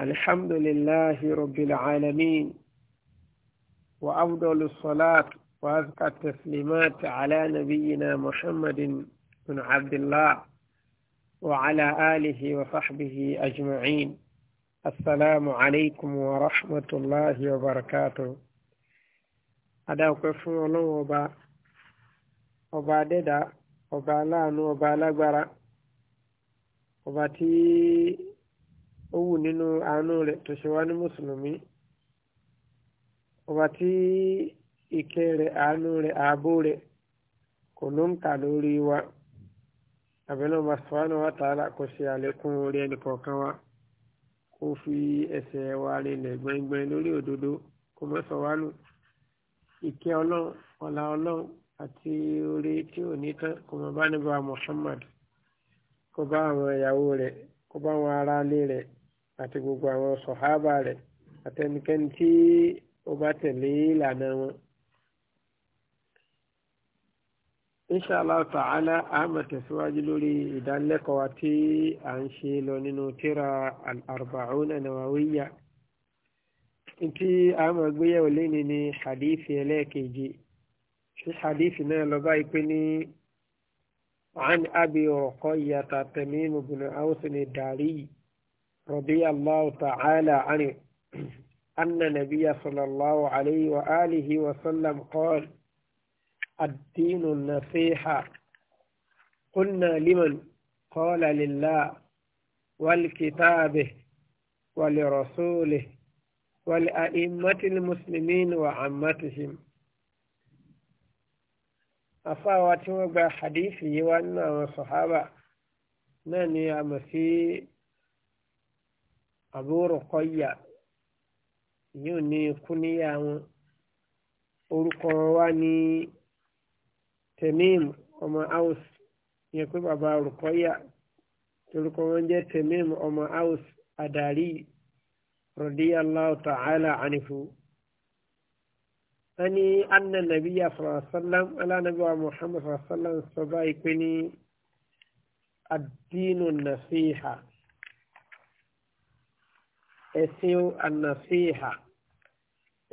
الحمد لله رب العالمين وأفضل الصلاة وأزكى التسليمات على نبينا محمد بن عبد الله وعلى آله وصحبه أجمعين السلام عليكم ورحمة الله وبركاته أدعوك فون الله وبا وبا ددا وبا لانو وبا لبرا وبا تي ó wù nínú àánú rẹ̀ tó ṣe wá ní mùsùlùmí ọba tí ìkẹ́ rẹ̀ àánú rẹ̀ ààbò rẹ̀ kò ló ń kà lórí wa àbẹ̀lẹ̀ ọba sọ́wọ́nà wa tààlà kò ṣe àlékún orí ẹnì kọ̀ọ̀kan wa kó fi ẹsẹ̀ wa rinlẹ̀ gbẹngbẹn lórí òdodo kó má sọ wá nù ìkẹ́ ọlọ́run ọlá ọlọ́run àti orí tí ò ní tán kó má bá níbà Muhammad kó bá àwọn ìyàwó rẹ̀ kó bá àwọn aráalé rẹ̀ àti gbogbo àwọn sọ̀hábà rẹ̀ àtẹnikẹ́ni tí ó bá tẹ̀lé ìlànà wọn. inṣàlá ta'ala a máa tẹ̀síwájú lórí ìdánilẹ́kọ̀ọ́ wa tí a ń ṣe lọ nínú tíra al-arba'una nawawiyya tí a máa gbéyẹ̀wò lẹ́ni ní hadithi ẹlẹ́ẹ̀kejì ṣé hadithi náà lọ báyìí pé ní عن أبي رقية تميم بن أوس الداري رضي الله تعالى عنه أن النبي صلى الله عليه وآله وسلم قال الدين النصيحة قلنا لمن قال لله والكتابه ولرسوله والأئمة المسلمين وعمتهم أفاوات وبا حديثي وأن من ناني أمسي Abu Ruqayya yóò ní kúníyà wọn orúkọ wa ní Tamim ọmọ Aus yẹn pé bàbá Ruqayya orúkọ wọn jẹ́ Tamim ọmọ Aus Adari radiyallahu ta'ala anhu. أني أن النبي صلى الله عليه وسلم على نبي محمد صلى الله عليه وسلم صبايكني الدين النصيحة ẹ̀sìn ànàfíhà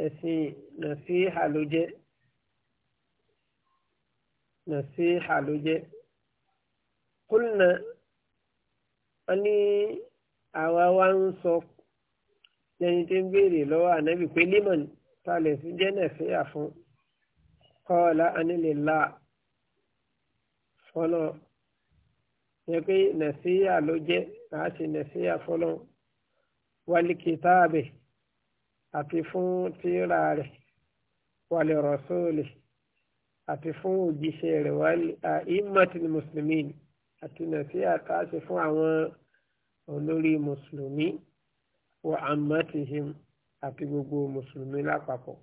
ẹ̀sìn nàfíhà ló jẹ́ nàfíhà ló jẹ́ kúlùnà wọn ní àwa wa ń sọ lẹ́ni tí ń béèrè lọ́wọ́ ànábì pé límọ̀n ta lè fi jẹ́ nàfíhà fún kọ́ọ̀lá anílélá fọlọ́ yẹ pé nàfíhà ló jẹ́ láti nàfíhà fọlọ́ walikitaabe àti fún tírà rẹ̀ walirasuli àti fún òjíṣẹ́ rẹ̀ wali aimmatil muslimin àti nàṣíà tá a ṣe fún àwọn olórí mùsùlùmí wa ammatihim àti gbogbo mùsùlùmí lápapọ̀.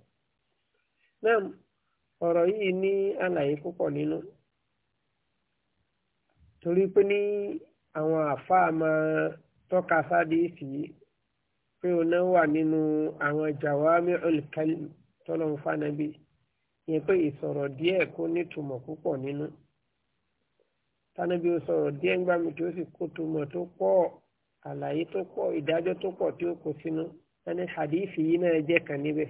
náà ọ̀rọ̀ yìí ní àlàyé púpọ̀ nínú torí pé ní àwọn àfáà máa tọ́ka sádìsì yìí pé òun náà wà nínú àwọn jawami'ul kalim tọ́lọ́ ń fánabí yẹn pé ìsọ̀rọ̀ díẹ̀ kó nítumọ̀ púpọ̀ nínú tánábí ó sọ̀rọ̀ díẹ̀ ń gbà mí tí ó sì kó tumọ̀ tó pọ̀ àlàyé tó pọ̀ ìdájọ́ tó pọ̀ tí ó kó sínú ẹni hadithi yìí náà jẹ́ kan níbẹ̀.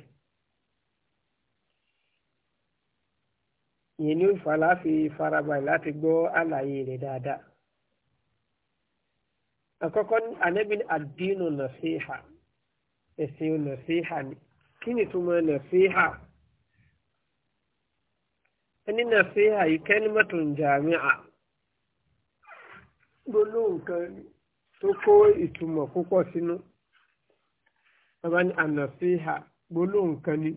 yẹn ní òfà láfi farabalẹ̀ láti gbọ́ àlàyé rẹ̀ dáadáa. àkọ́kọ́ ànábì ad nasiha ẹ̀sìn nàṣíhà ni kí ni túmọ̀ nàṣíhà ẹni nàṣíhà yìí kẹ́límọ̀tò jàmíà gbólóhùn kan tó kó ìtumọ̀ púpọ̀ sínú bàbá ní ànàṣíhà gbólóhùn kan ni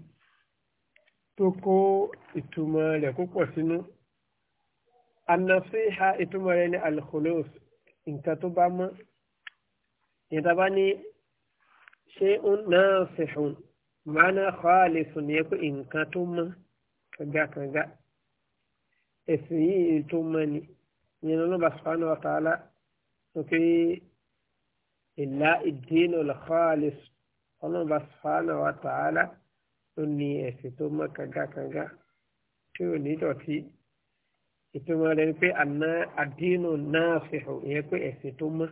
tó kó ìtumọ̀ rẹ̀ púpọ̀ sínú ànàṣíhà ìtumọ̀ rẹ̀ ní alkhulos nǹkan tó bá mọ́ ìyẹn tá bá ní shay'un nasihun ma'ana khalisun ni pé nǹkan tó mọ́ kàngàkàngà ẹ̀sìn yìí tó mọ́ ni ìyẹn lọ́ba subhanahu wa ta'ala sókè illa ad-din al-khalis ọlọ́ba subhanahu wa ta'ala ló ní ẹ̀sìn tó mọ́ kàngàkàngà tí ò ní dọ̀tí ìtumọ̀ rẹ̀ ni pé àná àdínù náà fi hàn ìyẹn pé ẹ̀sìn tó mọ́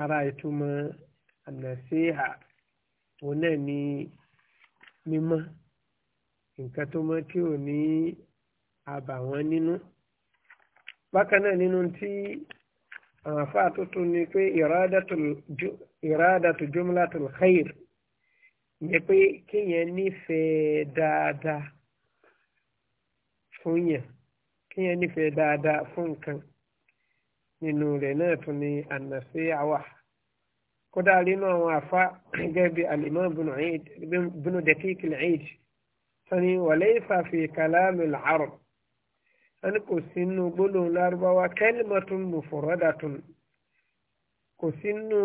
ara ìtumọ̀ ànàṣeha òun náà ní mímọ́ nǹkan tó mọ́ tí ò ní àbàwọ́n nínú bákan náà nínú tí àwọn afá tuntun ni pé ìrádàtú jumlatul khair ní pé kéèyàn nífẹ̀ẹ́ dáadáa fún yàn kéèyàn nífẹ̀ẹ́ dáadáa fún nǹkan nínú rẹ̀ náà tún ni ànàṣeha wà kódà nínú àwọn àfa gẹ́gẹ́ bí alimọ́ bínú dẹ́kíkì lẹ́yìn sani wàlẹ́ ìfàfi kàlámì làárọ̀ wọn kò sínú gbólóhùn lárúbáwá kẹ́lìmọ́tún mufradatun kò sínú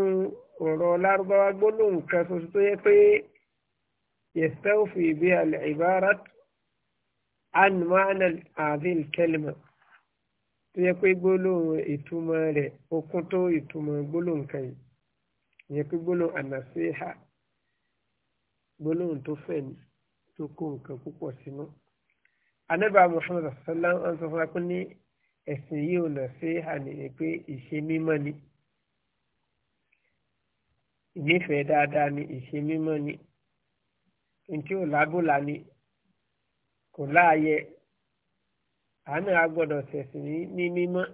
ọ̀rọ̀ lárúbáwá gbólóhùn kan ṣoṣo tó yẹ pé yẹ̀sẹ̀wòfì bí alìbára an ma'ana àdìl kẹ́lìmọ́ tó yẹ pé gbólóhùn ìtumọ̀ rẹ̀ ó tó ìtumọ̀ gbólóhùn kan ìyẹn pé gbólóhùn ànàṣeéhà gbólóhùn tó fẹ̀ ní tó kó nǹkan púpọ̀ sínú. anábà Muhammad sallam ń sọ fún wa ní ẹ̀sìn yìí ò nàṣeéhà nìyẹn pé ìṣe mímọ́ ni ìnífẹ̀ẹ́ dáadáa ni ìṣe mímọ́ ni ntí ò lábòlà ni kò láàyè àánú agbọ́dọ̀ ṣẹ̀sìn ní mímọ́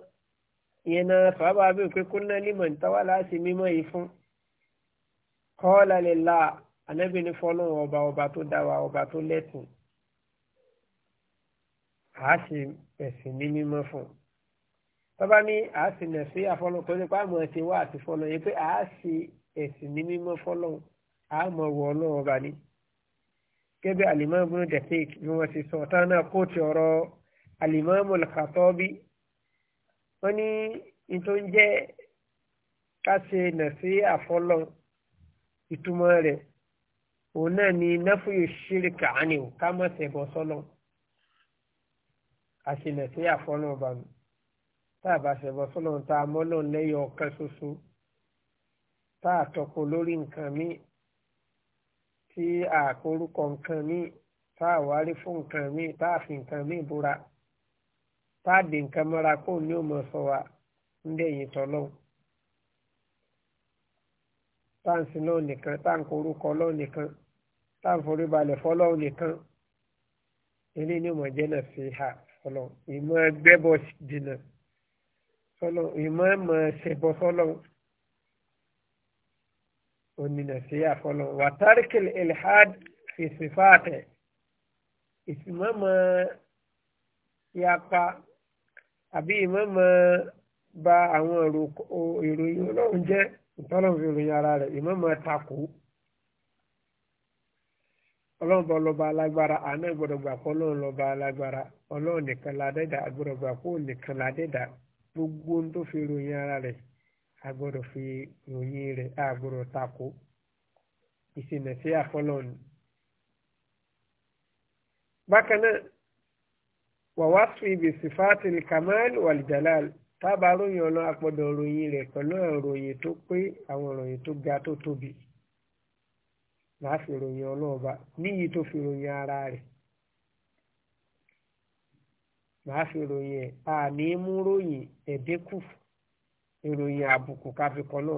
ìyẹn náà sọ́ọ́bà bí òpin kúnná límọ̀ ní láti mímọ́ yìí fún kọ́ọ́lá lè la ànábì ní fọlọ́run ọba ọba tó dá wa ọba tó lẹ́tìn a sì ẹ̀sìn ní mímọ́ fún un tọ́ba ní a sì nẹ̀sí àfọlọ́n kò ní pa àmọ́ ẹ̀sìn wá àti fọlọ́n yẹ pé a sì ẹ̀sìn ní mímọ́ fọlọ́n a mọ̀ wọ ọlọ́run ọba ní. gẹ́gẹ́ alimami bunu dẹ́kik ni wọ́n ti sọ ọ̀tá náà kóòtù ọ̀rọ̀ alimami olùkàtọ́bí wọ́n ní nítorí ká ṣe nẹ̀sí àfọlọ́n ìtumọ̀ rẹ̀ òun náà ni nẹ́fúyò ṣíríkà ánì ò ká má ṣẹbọ sọ́nà àṣìlẹ̀ sí àfọ́nà ọba mi tá a bá ṣẹbọ sọ́nà tá a mọ́nà lẹ́yọ ọ̀kan ṣoṣo tá a tọkọ lórí nǹkan mi tí a korúkọ nǹkan mi tá a wárí fún nǹkan mi tá a fi nǹkan mi búra tá a dè nǹkan mọ́ra kó ní òmò sọ wa ń dẹ̀yìn tọ́lọ́hùn táǹsì náà nìkan táǹkó orúkọ ọlọ́run nìkan táǹforí balẹ̀ fọlọ́run nìkan ilé ní ìmọ̀ jẹ́ náà fi hà fọlọ́ ìmọ̀ gbẹ́bọ dìnà fọlọ́ ìmọ̀ mọ̀ ṣẹbọ fọlọ́ onínà sí hà fọlọ́ wàtárìkìlì ilhad fèsì ìsìmọ̀ mọ̀ yapa àbí ìmọ̀ mọ̀ ba àwọn ìròyìn ọlọ́run jẹ́ ìtọ́lọ́run fi ròyìn ara rẹ̀ ìmọ̀mọ̀ takò ọlọ́run bọ́ lọ́ba alágbára àná gbọ́dọ̀ gbà kó ọlọ́run lọ́ba alágbára ọlọ́run nìkan ládẹ́dà gbọ́dọ̀ gbà kó nìkan ládẹ́dà gbogbo ohun tó fi ròyìn ara rẹ̀ agbọ́dọ̀ fi ròyìn rẹ̀ agbọ́dọ̀ takò ìsìnà sí àfọlọ́run. bákan náà wàwá sí ibi sífàtì kàmáàlì wàlìjàláàlì. tábà ròyìn ọlọ́run àpọ̀dọ̀ ròyìn rẹ̀ pẹ̀lú ìròyìn tó pé àwọn ìròyìn tó ga tó tóbi fi ròyìn ọba níyì tó fi ròyìn ara rẹ̀ máa fi ròyìn ẹ̀ àní mú ròyìn ẹ̀dínkù ìròyìn àbùkù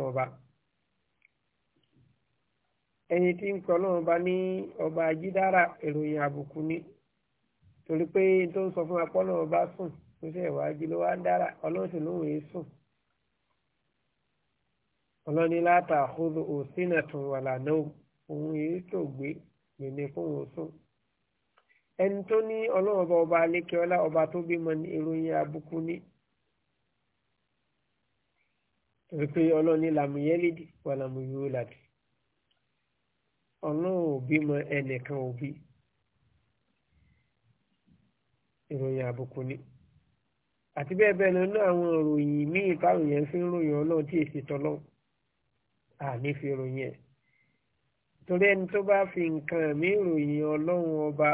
ọba ẹni tí ń ọba ní ọba ajídára ìròyìn àbùkù ni torí pé tó ń ọba sùn tó ṣe ìwájú ló wá ń dára ọlọ́run sì lóun èé sùn ọlọ́ni láta àkóso òsínà tó wà lànà òun èé tó gbé gbèmí fún òun ọba ọba alékè ọba tó bímọ ní ìròyìn àbùkù ní wípé ọlọ́ni làmúyẹ́lìdì wà làmúyúlàdì ọlọ́run ò bímọ ẹnìkan òbí ìròyìn àbùkù ní. àti bẹ́ẹ̀ bẹ́ẹ̀ lọ́nà àwọn ìròyìn míì táwọn yẹn fi ń ròyìn ọlọ́run tí èsì tọ́lọ́ àní fi ròyìn ẹ̀ torí ẹni tó bá fi nǹkan mí ròyìn ọlọ́run ọba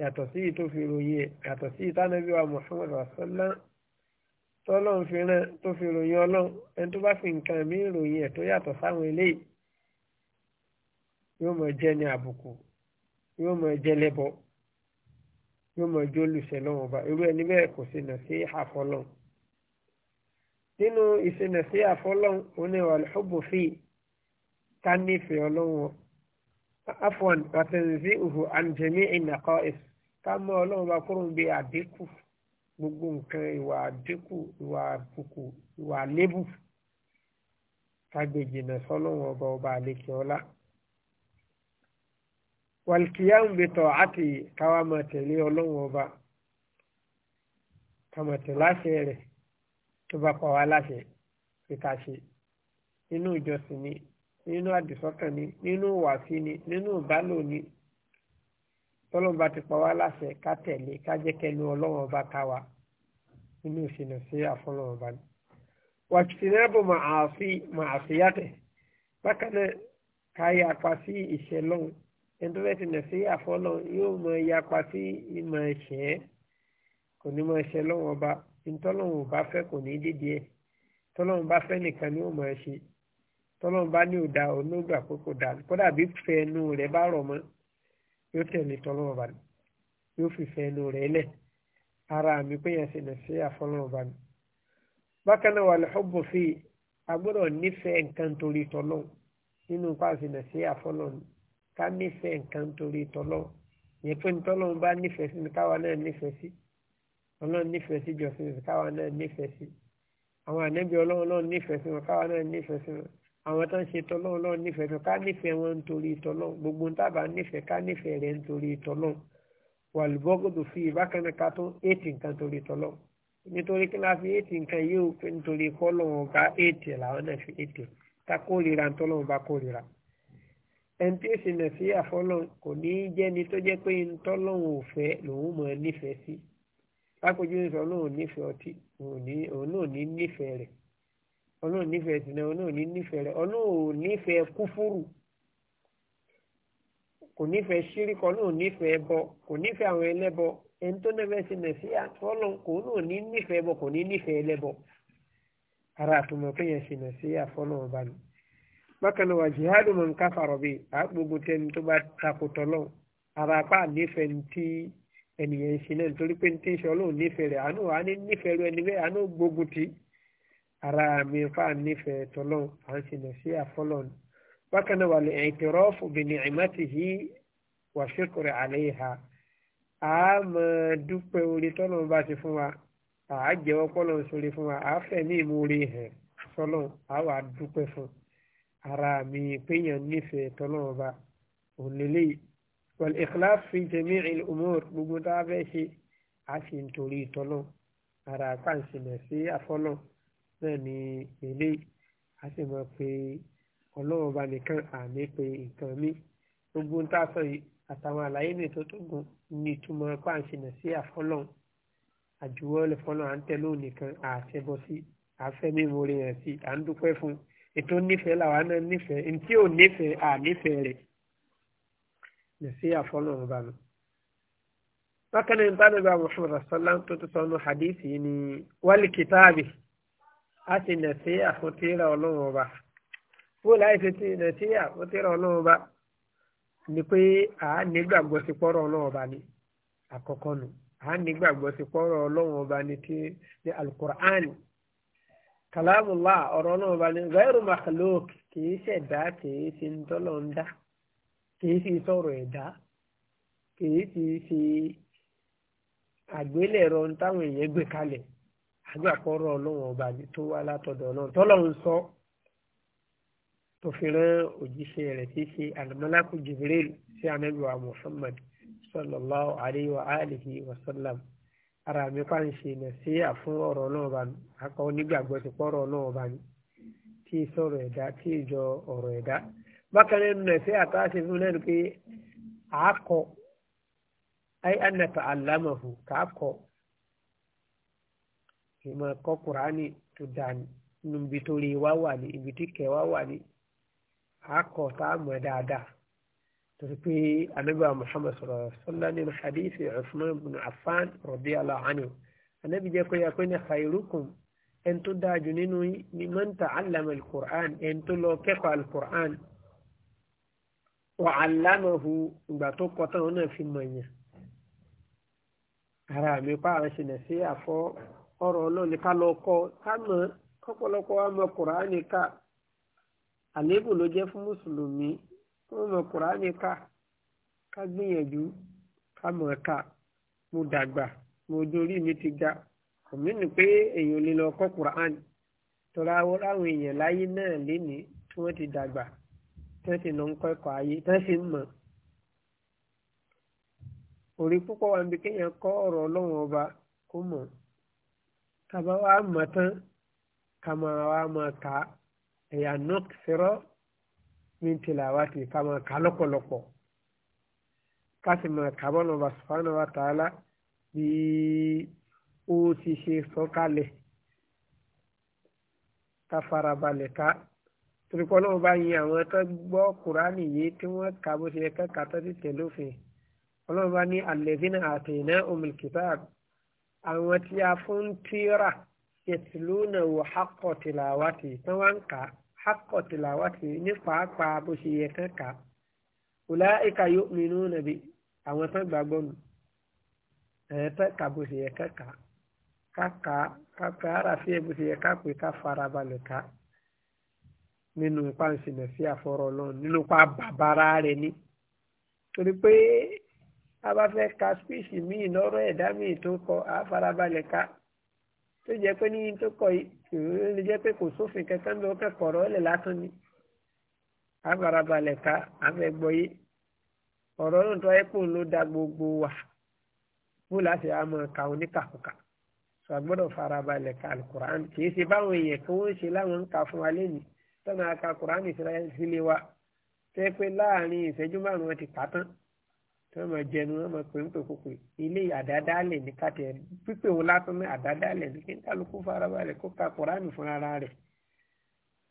yàtọ̀ sí tó fi ròyìn ẹ̀ yàtọ̀ sí tánàbí wa Muhammad asọ́lá tọ́lọ́run fi rán tó fi ròyìn ọlọ́run ẹni tó bá fi nǹkan mí ròyìn ẹ̀ tó yàtọ̀ sáwọn eléyìí yóò mọ̀ jẹ́ ní àbùkù yóò mọ̀ jẹ́ lẹ́bọ̀ọ́ yóò mọ ijó lùsẹ̀ lọ́wọ́ ọba irú ẹni bẹ́ẹ̀ kò ṣe nà sí àfọlọ́n nínú ìṣẹ̀nà sí àfọlọ́n òní wàlúùbù fi ká nífẹ̀ẹ́ ọlọ́wọ́ afọ́n àtẹ̀sí ìhù àǹjẹ̀mí ìnàkọ́ ẹ̀sì ká mọ ọlọ́wọ́ bá kúrò ń bí àdínkù gbogbo nǹkan ìwà àdínkù ìwà àbùkù ìwà àlébù ká gbèjìnà sọ́lọ́wọ́ ọba ọba àlekè ọlá wàlkìyàm bi tọ̀ọ̀cátì káwa máa tẹ̀lé ọlọ́run ọba kàmá tẹ̀ láṣẹ rẹ̀ tó bá pa wá láṣẹ kíkà ṣe nínú ìjọsìn ni nínú àdìsọ́kàn ni nínú ìwàsí ni nínú ìbálò ni tọ́lọ́mùbá ti pa wá láṣẹ ká tẹ̀lé ká jẹ́ kẹnu ọlọ́run ọba káwa nínú ìṣìnà sí àfọlọ́run ọba ni. wàtìsínàbò màá fi màá fi yàtẹ̀ bákan náà ká yà sí ìṣẹ́ ẹnitọ́ bẹ́ẹ̀ ti nà sí àfọlọ́ yóò mọ yapa sí ìmọ̀ ẹ̀ṣẹ̀ kò ní mọ ẹ̀ṣẹ̀ lọ́wọ́ ọba ntọ́lọ́wọ́ bá fẹ́ kò ní dídí ẹ̀ tọ́lọ́wọ́ bá fẹ́ nìkan ni ó mọ ẹ̀ṣẹ̀ tọ́lọ́wọ́ bá ní òdà onígbà pé kò dà kódà bí fẹ́ ẹnu rẹ̀ bá rọ̀ mọ́ yóò tẹ̀lé tọ́lọ́wọ́ bá yóò fi fẹ́ ẹnu rẹ̀ lẹ̀ ara mi pé yẹn ti nà sí àfọlọ́wọ́ bá mi. bákan náà wà ká nífẹ̀ẹ́ nǹkan torí tọ́lọ́ yẹ pé tọ́lọ́ bá nífẹ̀ẹ́ sí ni káwa náà nífẹ̀ẹ́ sí ọlọ́run nífẹ̀ẹ́ sí jọ̀sìn káwa náà nífẹ̀ẹ́ sí àwọn ànẹ́bí ọlọ́run náà nífẹ̀ẹ́ sí wọn káwa náà nífẹ̀ẹ́ sí wọn àwọn tó ń ṣe tọ́lọ́run náà nífẹ̀ẹ́ sí wọn ká nífẹ̀ẹ́ wọn nítorí tọ́lọ́run gbogbo ń tábà nífẹ̀ẹ́ ká nífẹ̀ẹ́ rẹ̀ nítorí tọ́lọ́run wàlúbọ́gòdò fi ìbákan náà ká tó éètì nǹkan la fi éètì nǹkan yìí ò pé nítorí kọ́lọ́run ọ̀gá ẹni tí ó sì nà sí àfọlọ́ kò ní í jẹ́ni tó jẹ́ pé ń tọ́lọ́hún ò fẹ́ lòun mọ̀ nífẹ̀ẹ́ sí lápòjú ń sọ lóun nífẹ̀ẹ́ ọtí òun náà ní nífẹ̀ẹ́ rẹ̀ ọlọ́run nífẹ̀ẹ́ sinẹ́ ọlọ́run ní nífẹ̀ẹ́ rẹ̀ ọlọ́run nífẹ̀ẹ́ kúfúrù kò nífẹ̀ẹ́ ṣíríkọ ọlọ́run nífẹ̀ẹ́ bọ kò nífẹ̀ẹ́ àwọn ẹlẹ́bọ ẹni tó nẹ́fẹ̀ẹ́ sí àtọ́lọ́n kò náà kò ní bákan náà wà jihadu man kafara bi àgbogbo tẹni tó bá takòtò lọ ara apá nífẹ̀ẹ́ ti ènìyàn ìsìn náà nítorí pé ní tí ń ṣe ọlọ́run nífẹ̀ẹ́ rẹ̀ àánú àní nífẹ̀ẹ́ rẹ̀ ẹni bẹ́ẹ̀ àánú gbógun ti ara mi fa nífẹ̀ẹ́ tọ́lọ́run à ń sinà sí àfọlọ́run bákan náà wà lè i'tirafu bi ni'matihi wa shukru alayha a máa dúpẹ́ orí tọ́lọ́run bá ti fún wa àá jẹ́wọ́ pọ́lọ́run sórí fún wa àá fẹ̀mí ìmúre hàn sọ́lọ́run àá wà dúpẹ́ fún un ara mi péyàn nífẹ̀ẹ́ tọ́lọ́run ọba òun lélẹ́yìí wal ikhlas fi jami'il umur gbogbo tá a fẹ́ ṣe a sì ń torí tọ́lọ́ ara pàǹsìlẹ̀ sí afọ́lọ́ náà ni eléyìí a sì mọ̀ pé ọlọ́run ọba nìkan àmì pé nǹkan mi gbogbo tá a sọ yìí àtàwọn àlàyé mi tó tó gùn ní ìtumọ̀ pàǹsìlẹ̀ sí afọ́lọ́ àjùwọ́ lè fọ́lọ́ à ń tẹ́ lóun nìkan àṣẹbọ sí àfẹ́mímọ́re hàn sí à ń dúpẹ́ fún un ètò nífẹ̀ẹ́ làwa náà nífẹ̀ẹ́ ntí ò nífẹ̀ẹ́ à nífẹ̀ẹ́ rẹ̀ lè sí àfọlọ́run bá mi. bákan náà nípa nípa Muhammad sallam tó ti sọ ọ́nà hadith yìí ni wálé kìtáàbì a ti nà sí àfọ̀tìrà ọlọ́run ọba bó láì fi ti nà sí àfọ̀tìrà ọlọ́run ọba ni pé à nígbàgbọ́ sí pọ́rọ̀ ọlọ́run ọba ni àkọ́kọ́ nù à nígbàgbọ́ sí pọ́rọ̀ ọlọ́run ọba ni ti ni alukur'ani kalamullah ọ̀rọ̀ náà bá ní gairu makhluk kìí ṣẹ̀dá kìí ṣe ń tọ́lọ̀ ń dá kìí sì sọ̀rọ̀ ẹ̀dá kìí sì ṣe àgbélẹ̀rọ táwọn èèyàn gbé kalẹ̀ agbàkọ́rọ̀ ọlọ́run ọba tó wá látọ̀dọ̀ ọlọ́run tọ́lọ́run sọ tó fi rán òjíṣẹ́ rẹ̀ tí ṣe alimọ́lákù jibril sí anábìwá muhammad sallallahu alayhi wa alihi wa sallam ara mi pa ń ṣe ìnà sí àfún ọ̀rọ̀ náà bá mi akọ onígbàgbọ́ ti pọ̀ ọ̀rọ̀ náà bá mi tí ì sọ̀rọ̀ ẹ̀dá tí ì jọ ọ̀rọ̀ ẹ̀dá bákan náà nínú ẹ̀sẹ̀ àtàṣe fún lẹ́nu pé àákọ ayé anata alámọ̀fù kàákọ ìmọ̀ ẹ̀kọ́ kùránì tó dání níbi wá wà ní ibi tí kẹ̀ wá wà ní àákọ tá a mọ̀ dáadáa torí pé anábíà muhammad sọ̀rọ̀ sọ́lá nínú hadithi usman ibn affan radiyallahu anhu anábì jẹ́ kóyà pé ní khairukum ẹni tó dáa jù nínú ni man ta'allama alukur'an ẹni tó lọ kẹ́kọ̀ọ́ alukur'an wa 'allamahu ìgbà tó kọ́ tán náà fi mọ̀ yẹn ara mi pa àwọn ṣe sí àfọ ọ̀rọ̀ ọlọ́ọ̀ni ká lọ kọ́ ká mọ̀ kọ́pọ̀lọpọ̀ wa mọ̀ kur'an ká àléébù ló jẹ́ fún mùsùlùmí wọ́n mọ̀ kùránì ká ká gbìyànjú ká mọ̀ ká mo dàgbà mo dorí mi ti ga òmí ni pé èèyàn lè lọ kọ́ kùránì tọ́ra àwọn èèyàn láyé náà lénìí tí wọ́n ti dàgbà tí wọ́n ti lọ ń kọ́ ẹ̀kọ́ ayé tí wọ́n sì ń mọ̀ púpọ̀ wà kéèyàn kọ́ ọ̀rọ̀ ọlọ́run ọba kó mọ̀ tàbá wa mọ̀ tán ní tìlàwátì ká máa kà lọ́pọ̀lọpọ̀ ká sì máa kà bọ́nà bá subhanahu wa ta'ala bí ó ti ṣe sọ́kalẹ̀ ká farabalẹ̀ ká torípọ̀ náà bá yin àwọn tó gbọ́ kùránì yìí tí wọ́n kà bó ṣe yẹ kẹ́kà tó ti tẹ̀ lófin ọlọ́run bá ní alladhina ataynahumul kitab àwọn tí a fún tíra yatlūnahu haqqa tilāwatihi tí wọ́n ń kà á hakọ̀ tìlàwátì ní pàápàá bó ṣe yẹ kán kà ọ̀là ìka yóò mìínú nàbí àwọn tán gbàgbọ́ nù ẹ̀yẹ tán kà bó ṣe yẹ kán kà káka káka àràfin ẹ̀ bó ṣe yẹ ká pé ká farabalẹ̀ ká nínú ipa ìṣìnà sí àfọ̀rọ̀ ọlọ́run nínú ipa bàbára rẹ̀ ni torí pé a bá fẹ́ ka spíṣì míì lọ́rọ̀ ẹ̀dá míì tó kọ àfarabalẹ̀ ká tó jẹ́ pé ní tó kọ yìí lè jẹ́ pé kò sófin kankan bí wọ́n kẹ́kọ̀ọ́ ọ̀rọ̀ ẹ̀lẹ̀ látàn ni àfarabalẹ̀ ká àfẹ́gbọ́yé ọ̀rọ̀ náà tó ẹ́pò ló da gbogbo wa bó láti á máa ka oníkàkùkà sọ àgbọ́dọ̀ farabalẹ̀ ka alukur'an kì í ṣe báwọn èèyàn kí wọ́n ṣe láwọn ń ka fún wa lẹ́yìn tọ́nà aka kur'an ìṣẹ̀lẹ̀ wa tẹ́ pé láàrin ìṣẹ́jú márùn-ún ti kà tán tí wọ́n máa jẹnu wọ́n máa pè ń pè kópe ilé àdádálẹ̀ ní kàtẹ́ pípé wọn lásán ní àdádálẹ̀ ní kí n kálukú farabalẹ̀ kó ka kùránì fún ara rẹ̀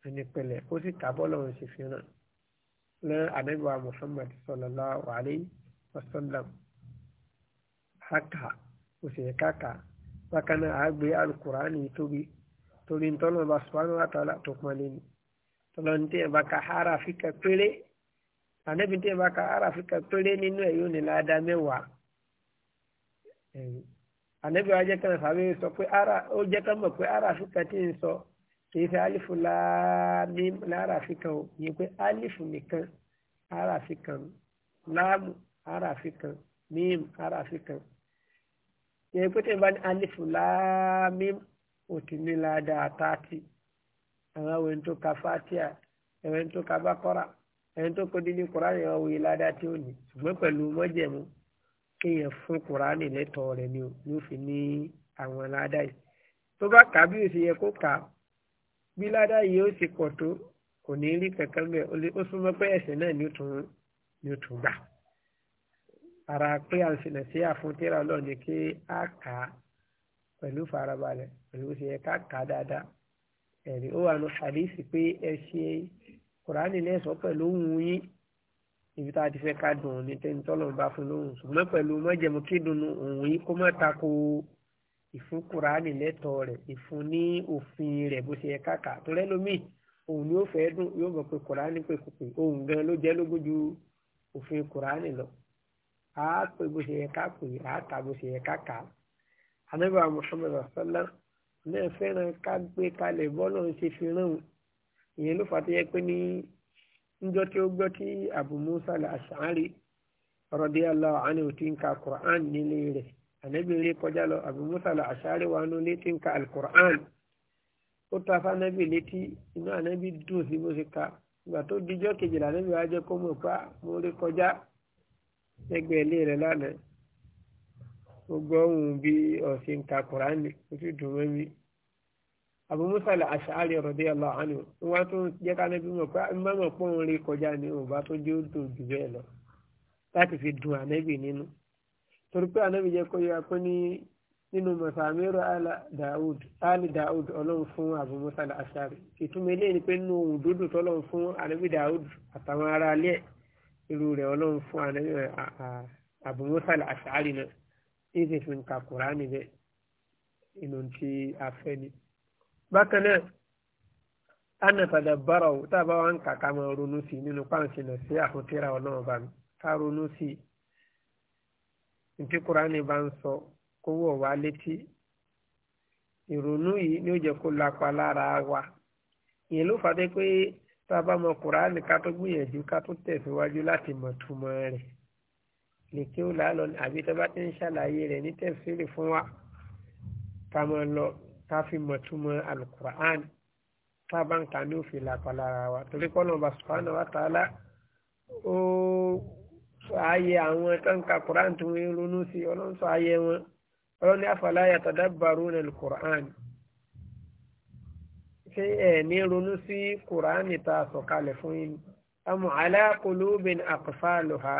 ẹni pẹ̀lẹ́ ó sì kábọ́ lọ́run ṣe fi hàn lẹ́n àdẹ́gbà Muhammad sallallahu alaihi wasallam haka ó sì yẹ káka bákan náà àgbé alukùránì tóbi torí ń tọ́nà bá subhanahu wa ta'ala tó pọn lé tọ́lọ́ ní tẹ́yẹ̀ bá ka hara fi kẹ́ péré ànábì tí ẹ bá ka arafi kan péré nínú ẹ yóò ní láàdá mẹ́wàá ànábì wa jẹ́ kí sàbẹ sọ pé ara ó jẹ́ kí wọn mọ̀ pé arafi kan ti ń sọ kì í alifu láàmì lárafi kan o yẹ pé alifu nìkan arafi láàmù arafi mímu arafi yẹ pé tí bá ní alifu láàmì ó ti ní láàdá tààtì àwọn ẹni tó ka fatia ẹni ka bákọ́ra ẹni tó kọ́ dídí kùránì ọ̀hún yìí ládàá tí ó ní ṣùgbọ́n pẹ̀lú mọ́jẹ̀mú kéèyàn fún kùránì lẹ́tọ̀ọ́ rẹ̀ ni ó fi ní àwọn ládàá yìí tó bá kà bí ó ṣe yẹ kó kà bí ládàá yìí ó ti pọ̀ tó kò ní rí kankan bẹ́ẹ̀ ó súnmọ́ pé ẹ̀sìn náà ni ó tún gbà ara pé à ń sinà sí àfúntẹ́rà ọlọ́run ni kí á kà á pẹ̀lú farabalẹ̀ pẹ̀lú ó ká kà á dáadáa ẹ̀rí ó wà ní kùránì lẹ́sọ̀ pẹ̀lú ohun yín ibi tá a ti fẹ́ ká dùn ní tẹ́ni tọ́lọ̀ bá fún lóhùn ṣùgbọ́n pẹ̀lú mọ́jẹ̀mú kí dunu ohun yín kó má tako ìfún kùránì lẹ́tọ̀ọ́ rẹ̀ ìfún ní òfin rẹ̀ bó ṣe yẹ káàkà tó lẹ́lómìn òun ni ó fẹ́ dùn yóò mọ̀ pé kùránì pé kò pé ohun gan ló jẹ́ lógún òfin kùránì lọ a pè bó ṣe yẹ ká pè á ta bó ṣe yẹ ká anábàá Muhammad sallam náà fẹ́ràn ká gbé kalẹ̀ bọ́ọ̀lù ṣe fi rán ìyẹn ló fà tó yẹ pé ní níjọ́ tí ó gbọ́ tí Abu Musa al-Ash'ari radiyallahu anhu tí ń ka Qur'an nílé rẹ̀ ànábì rí kọjá lọ Abu Musa al-Ash'ari wà nù létí ń ka al-Qur'an ó ta fánábì létí inú ànábì dùn sí bó ṣe ka ìgbà tó dijọ́ kejìlá ànábì wá jẹ́ kó mọ̀ pa ah, mo rí kọjá lẹ́gbẹ̀ẹ́ ilé rẹ̀ lánàá gbogbo ohun bí ọ̀sìn ka Qur'an ó sì dùn mọ́ mi. Abu Musa al-Ash'ari radiyallahu anhu wọ́n tún jẹ́ ká níbi mọ̀ pé mọ́mọ́ pọ́n rí kọjá ní ọba tó jẹ́ òdò jù bẹ́ẹ̀ lọ láti fi dùn ànẹ́bì nínú torí pé ànẹ́bì jẹ́ kó yẹ kó ní nínú mọ̀sàmírò ali daoud ọlọ́run fún Abu Musa al-Ash'ari ìtumọ̀ eléyìí ni pé nínú ohun dúdú tọ́lọ́run fún ànẹ́bì daoud àtàwọn ará alẹ́ irú rẹ̀ ọlọ́run fún ànẹ́bì Abu Musa al-Ash'ari náà ìdí fi ń ka afẹ́ ni bákan náà anàfàdà bára ò tá a bá wà ń kàkà máa ronú sí nínú páǹsì náà sí àfọ̀tẹ́ra ọlọ́run bá mi ká ronú sí ntí kúránì bá ń sọ kó wọ̀ létí ìrònú yìí ni ó jẹ́ kó lapa lára wa ìyẹn ló fà dé pé tá a bá mọ kúránì ká tó gbìyànjú ká tó tẹ̀síwájú láti mọ̀ túmọ̀ rẹ̀ lèkí ó làálọ̀ àbí tó bá ti ń ṣàlàyé rẹ̀ ní tẹ̀síìrì fún wa ká máa lọ ká fi mọ̀túmọ̀ alukur'an tá a bá ń kà ní òfin làpàlára wa torí kọ́ náà subhanahu wa ta'ala ó sọ ààyè àwọn tó ń ka kur'an tó ń ronú sí ọlọ́run sọ ààyè wọn ọlọ́run ní afala yatadabbaruna alukur'an ṣé ẹ̀ ní ronú sí kur'an tá a sọ̀kalẹ̀ fún yín amu ala qulubin aqfaluha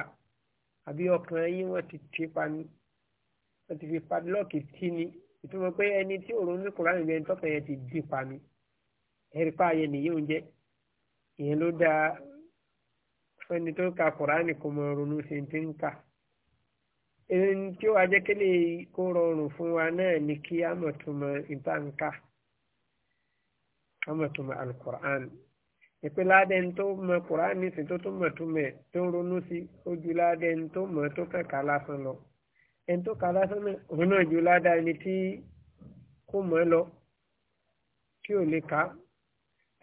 àbí ọkàn yín wọ́n ti ti pa fi padlọ́ọ̀kì tí ìtumọ̀ pé ẹni tí òun ní kùránì bẹ́ẹ̀ tọ́kàn yẹn ti dì pa mi ẹ̀rí pa ayẹ nìyí oúnjẹ ìyẹn ló dáa fẹ́ni tó ka kùránì kò mọ̀ ronú sí ti ń kà ẹni tí ó wá jẹ́ kéde kó rọrùn fún wa náà ni kí a mọ̀ tó mọ ìta ń kà a mọ̀ tó mọ alukur'an ìpè ládẹ́n tó mọ kùránì sí tó tó mọ̀ tó tó ronú sí ojú ládẹ́n tó mọ̀ tó fẹ́ lásán lọ ẹni tó kà lásán náà òun náà ju ládàá ẹni tí kò mọ̀ ẹ́ lọ tí ò lè kà á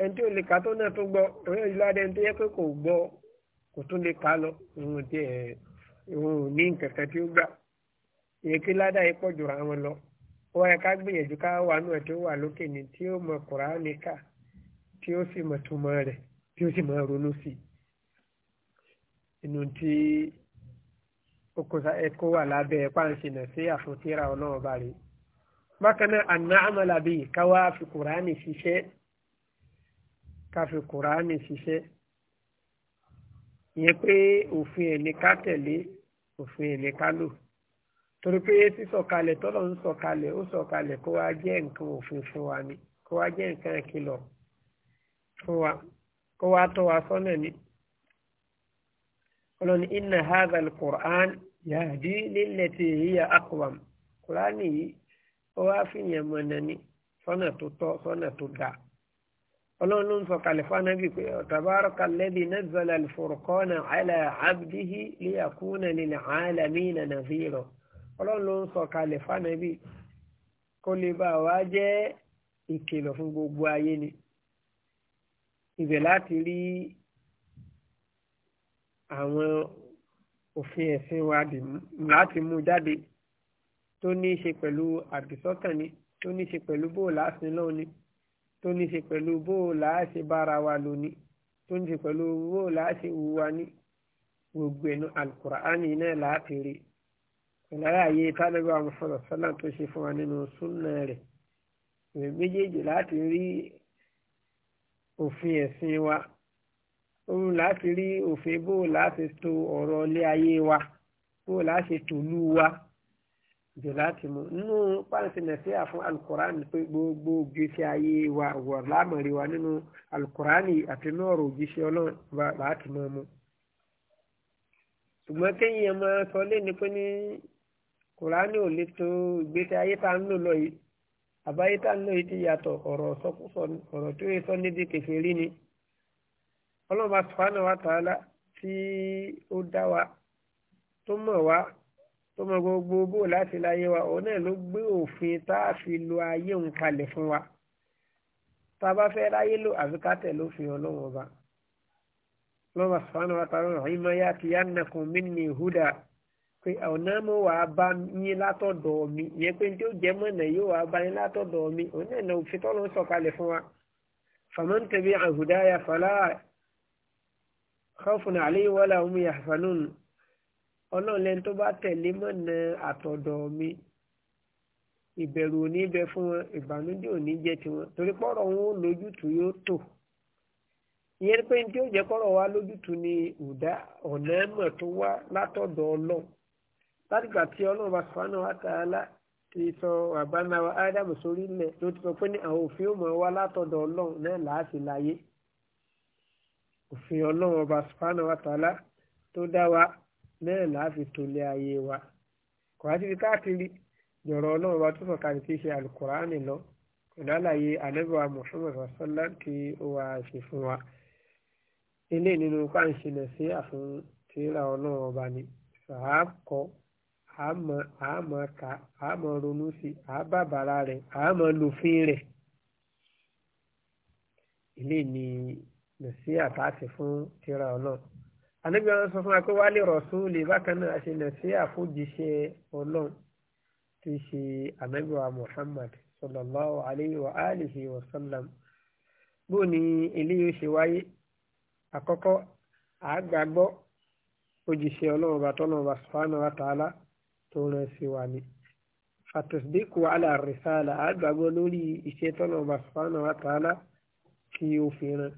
ẹni tí ò lè kà á tó náà tó gbọ́ òun náà ju ládàá ẹni tó yẹ pé kò gbọ́ kò tún lè kà á lọ òun ti ẹ̀ òun ò ní kẹ̀kẹ́ tí ó gbà ìyẹn kí ládàá yìí pọ̀ ju àwọn lọ ó yẹ ká gbìyànjú ká wà nù ẹ̀ tó wà lókè ni tí ó mọ̀ Kùránì kà tí ó sì mọ̀ túmọ̀ rẹ̀ tí ó sì mọ̀ ronú sí inú tí kó wà lábẹ́ páǹsì náà na àfòtíra ọ̀nà ọba rẹ̀ bákan náà bi àmàlàbí káwá fi kùránì ṣiṣẹ́ ká fi kùránì ṣiṣẹ́ ìyẹn pé òfin ẹ̀ ní ká tẹ̀lé òfin ẹ̀ ní ká lò torí pé sísọ̀kalẹ̀ tọ́lọ̀ ń sọ̀kalẹ̀ ó sọ̀kalẹ̀ kó wá jẹ́ nǹkan òfin fún wa ni kó wá jẹ́ nǹkan ìkìlọ̀ fún wa kó wá tọ́ wa sọ́nà ni ọlọ́ni inna hadha al-Qur'an yahdi lillati hiya aqwam kùránì yìí ó wá fìyàn mọ̀nà ni sọ́nà tó tọ́ sọ́nà tó dáa ọlọ́run ló ń sọ kàlífà nábì pé tabaraka alladhi nazzala al-furqana ala abdihi liyakuna lil alamina nadhira ọlọ́run ló ń sọ kàlífà nábì kó lè bá wa jẹ́ ìkìlọ̀ fún gbogbo ayé ni ibẹ̀ láti rí àwọn òfin ẹ̀sìn wa láti mú jáde tó ní ṣe pẹ̀lú àdìsọ́kàn ni tó ní í ṣe pẹ̀lú bó láàsìn náà ni tó ní í ṣe pẹ̀lú bó láàṣẹ bára wa lò ní tó ní í ṣe pẹ̀lú bó láàṣẹ wùwà ní gbogbo ẹnu alukur'ani náà láti rí ìlànà àyè tánàbí wa tó ṣe fún wa nínú súnà rẹ̀ ìwé méjèèjì láti rí òfin ẹ̀sìn wa òun láti rí òfin bó láti to ọ̀rọ̀ ilé ayé wa bó láti tòlú wa jù láti mú nínú páàsì nàìjíríà fún alukoran pé gbogbo gbèsè ayé wa wọ̀ lámọ̀rí wa nínú alukoran àti nọ́ọ̀rọ̀ òjíṣẹ́ ọlọ́run láti mọ̀ mú. ṣùgbọ́n kéèyàn máa sọ léni pé ní kùránì ò lè tó ìgbésẹ̀ ayé tá à ń lò lọ yìí àbáyé tá à ń lò yìí ti yàtọ̀ ọ̀rọ̀ sọkúsọ ọ̀rọ̀ tó yẹ sọ níbi kẹfẹ́ rí ni ọlọ́ba sùpánà wa tààlà tí ó dá wa tó mọ̀ wá tó mọ̀ gbogbo bó láti láyé wa òun náà ló gbé òfin tá a fi lo ayé òun kalẹ̀ fún wa tá a bá fẹ́ ráyé lò àfi ká tẹ̀ lófin ọlọ́run ọba lọ́wọ́ subhanahu wa ta'ala ìmọ̀ ya ti yá nàkùn minni huda pé ọ̀nà mo wà á bá yín látọ̀dọ̀ mi ìyẹn pé tí ó jẹ́ mọ̀nà yóò wà bá yín látọ̀dọ̀ mi òun náà òfin tọ́lọ́ sọ̀kalẹ̀ fún wa faman tabi'a hudaya fala khawfun alayhim wala hum yahzanun ọlọ́run lẹ́ni tó bá tẹ̀lé mọ̀nà àtọ̀dọ̀ mi ìbẹ̀rù ò ní bẹ fún wọn ìbànújẹ́ ò ní jẹ́ tiwọn torí pọ́rọ̀ wọn ò lójútùú yóò tò ìyẹn pé tí ó jẹ́ pọ́rọ̀ wa lójútùú ni ọ̀dà ọ̀nà ẹ̀mọ̀ tó wá látọ̀dọ̀ ọlọ́run látìgbà tí ọlọ́run bá sọ̀rọ̀ wa tààlà ti sọ àbánáwa ádámù sórí ilẹ̀ ló ti sọ pé ní àwọn òfin ò mọ̀ wá látọ̀dọ̀ ọlọ́run náà làá láyé òfin ọlọ́run ọba sùpánà wa tààlà tó dá wa náà láàfi tòlé ayé wa kòwájú ti káàkiri jọ̀rọ̀ ọlọ́run ọba tó sọ̀kalẹ̀ tí í ṣe alukùránì lọ ìdálàyé àlẹ́bàá Muhammad sọ́lá tí ó wà ṣe fún wa ilé nínú káàṣì lẹ̀ sí àfún tìrà ọlọ́run ọba ni sàákọ́ àmọ́ àmọ́ ká àmọ́ ronú sí àbàbàrà rẹ̀ àmọ́ lòfin rẹ̀ ilé ni nàṣí àtàṣe fún tíra ọlọ́run ànábì wọn sọ fún wa pé wálé rọ̀sùn lè bákan náà ṣe nàṣí àfojìṣe ọlọ́run tí í ṣe ànábì wa Muhammad sallallahu alayhi wa alihi wa sallam bó ni eléyìí ṣe wáyé àkọ́kọ́ àgbàgbọ́ ojìṣe ọlọ́run ọba tọ́lọ́run subhanahu wa ta'ala tó rán sí wa ni fatasdiku ala risala àgbàgbọ́ lórí iṣẹ́ tọ́lọ́run subhanahu wa ta'ala tí ó fi rán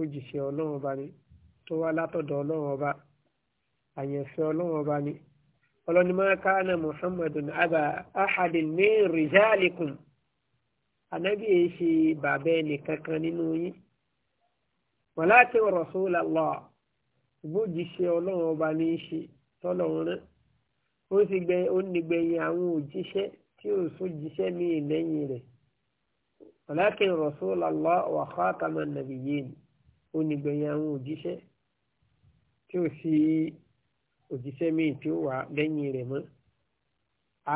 òjìṣẹ́ ọlọ́run ọba ni tó wá látọ̀dọ̀ ọlọ́run ọba àyànfẹ́ ọlọ́run ọba ni ọlọ́ni máa ká na muhammadun aba ahadin ní rìjálìkùn anábì èyí ṣe bàbá ẹnì kankan nínú yín walakin rasulallah bójìṣẹ́ ọlọ́run ọba ní í ṣe tọ́lọ́run ó sì gbẹ ó nígbẹ̀yìn àwọn òjíṣẹ́ tí ó sójíṣẹ́ ní ìlẹ́yìn rẹ̀ walakin rasulallah wa khataman nabiyyin onígbẹ̀yìn àwọn òjíṣẹ́ tí ó sì òjíṣẹ́ míì tí ó wà lẹ́yìn rẹ̀ mọ́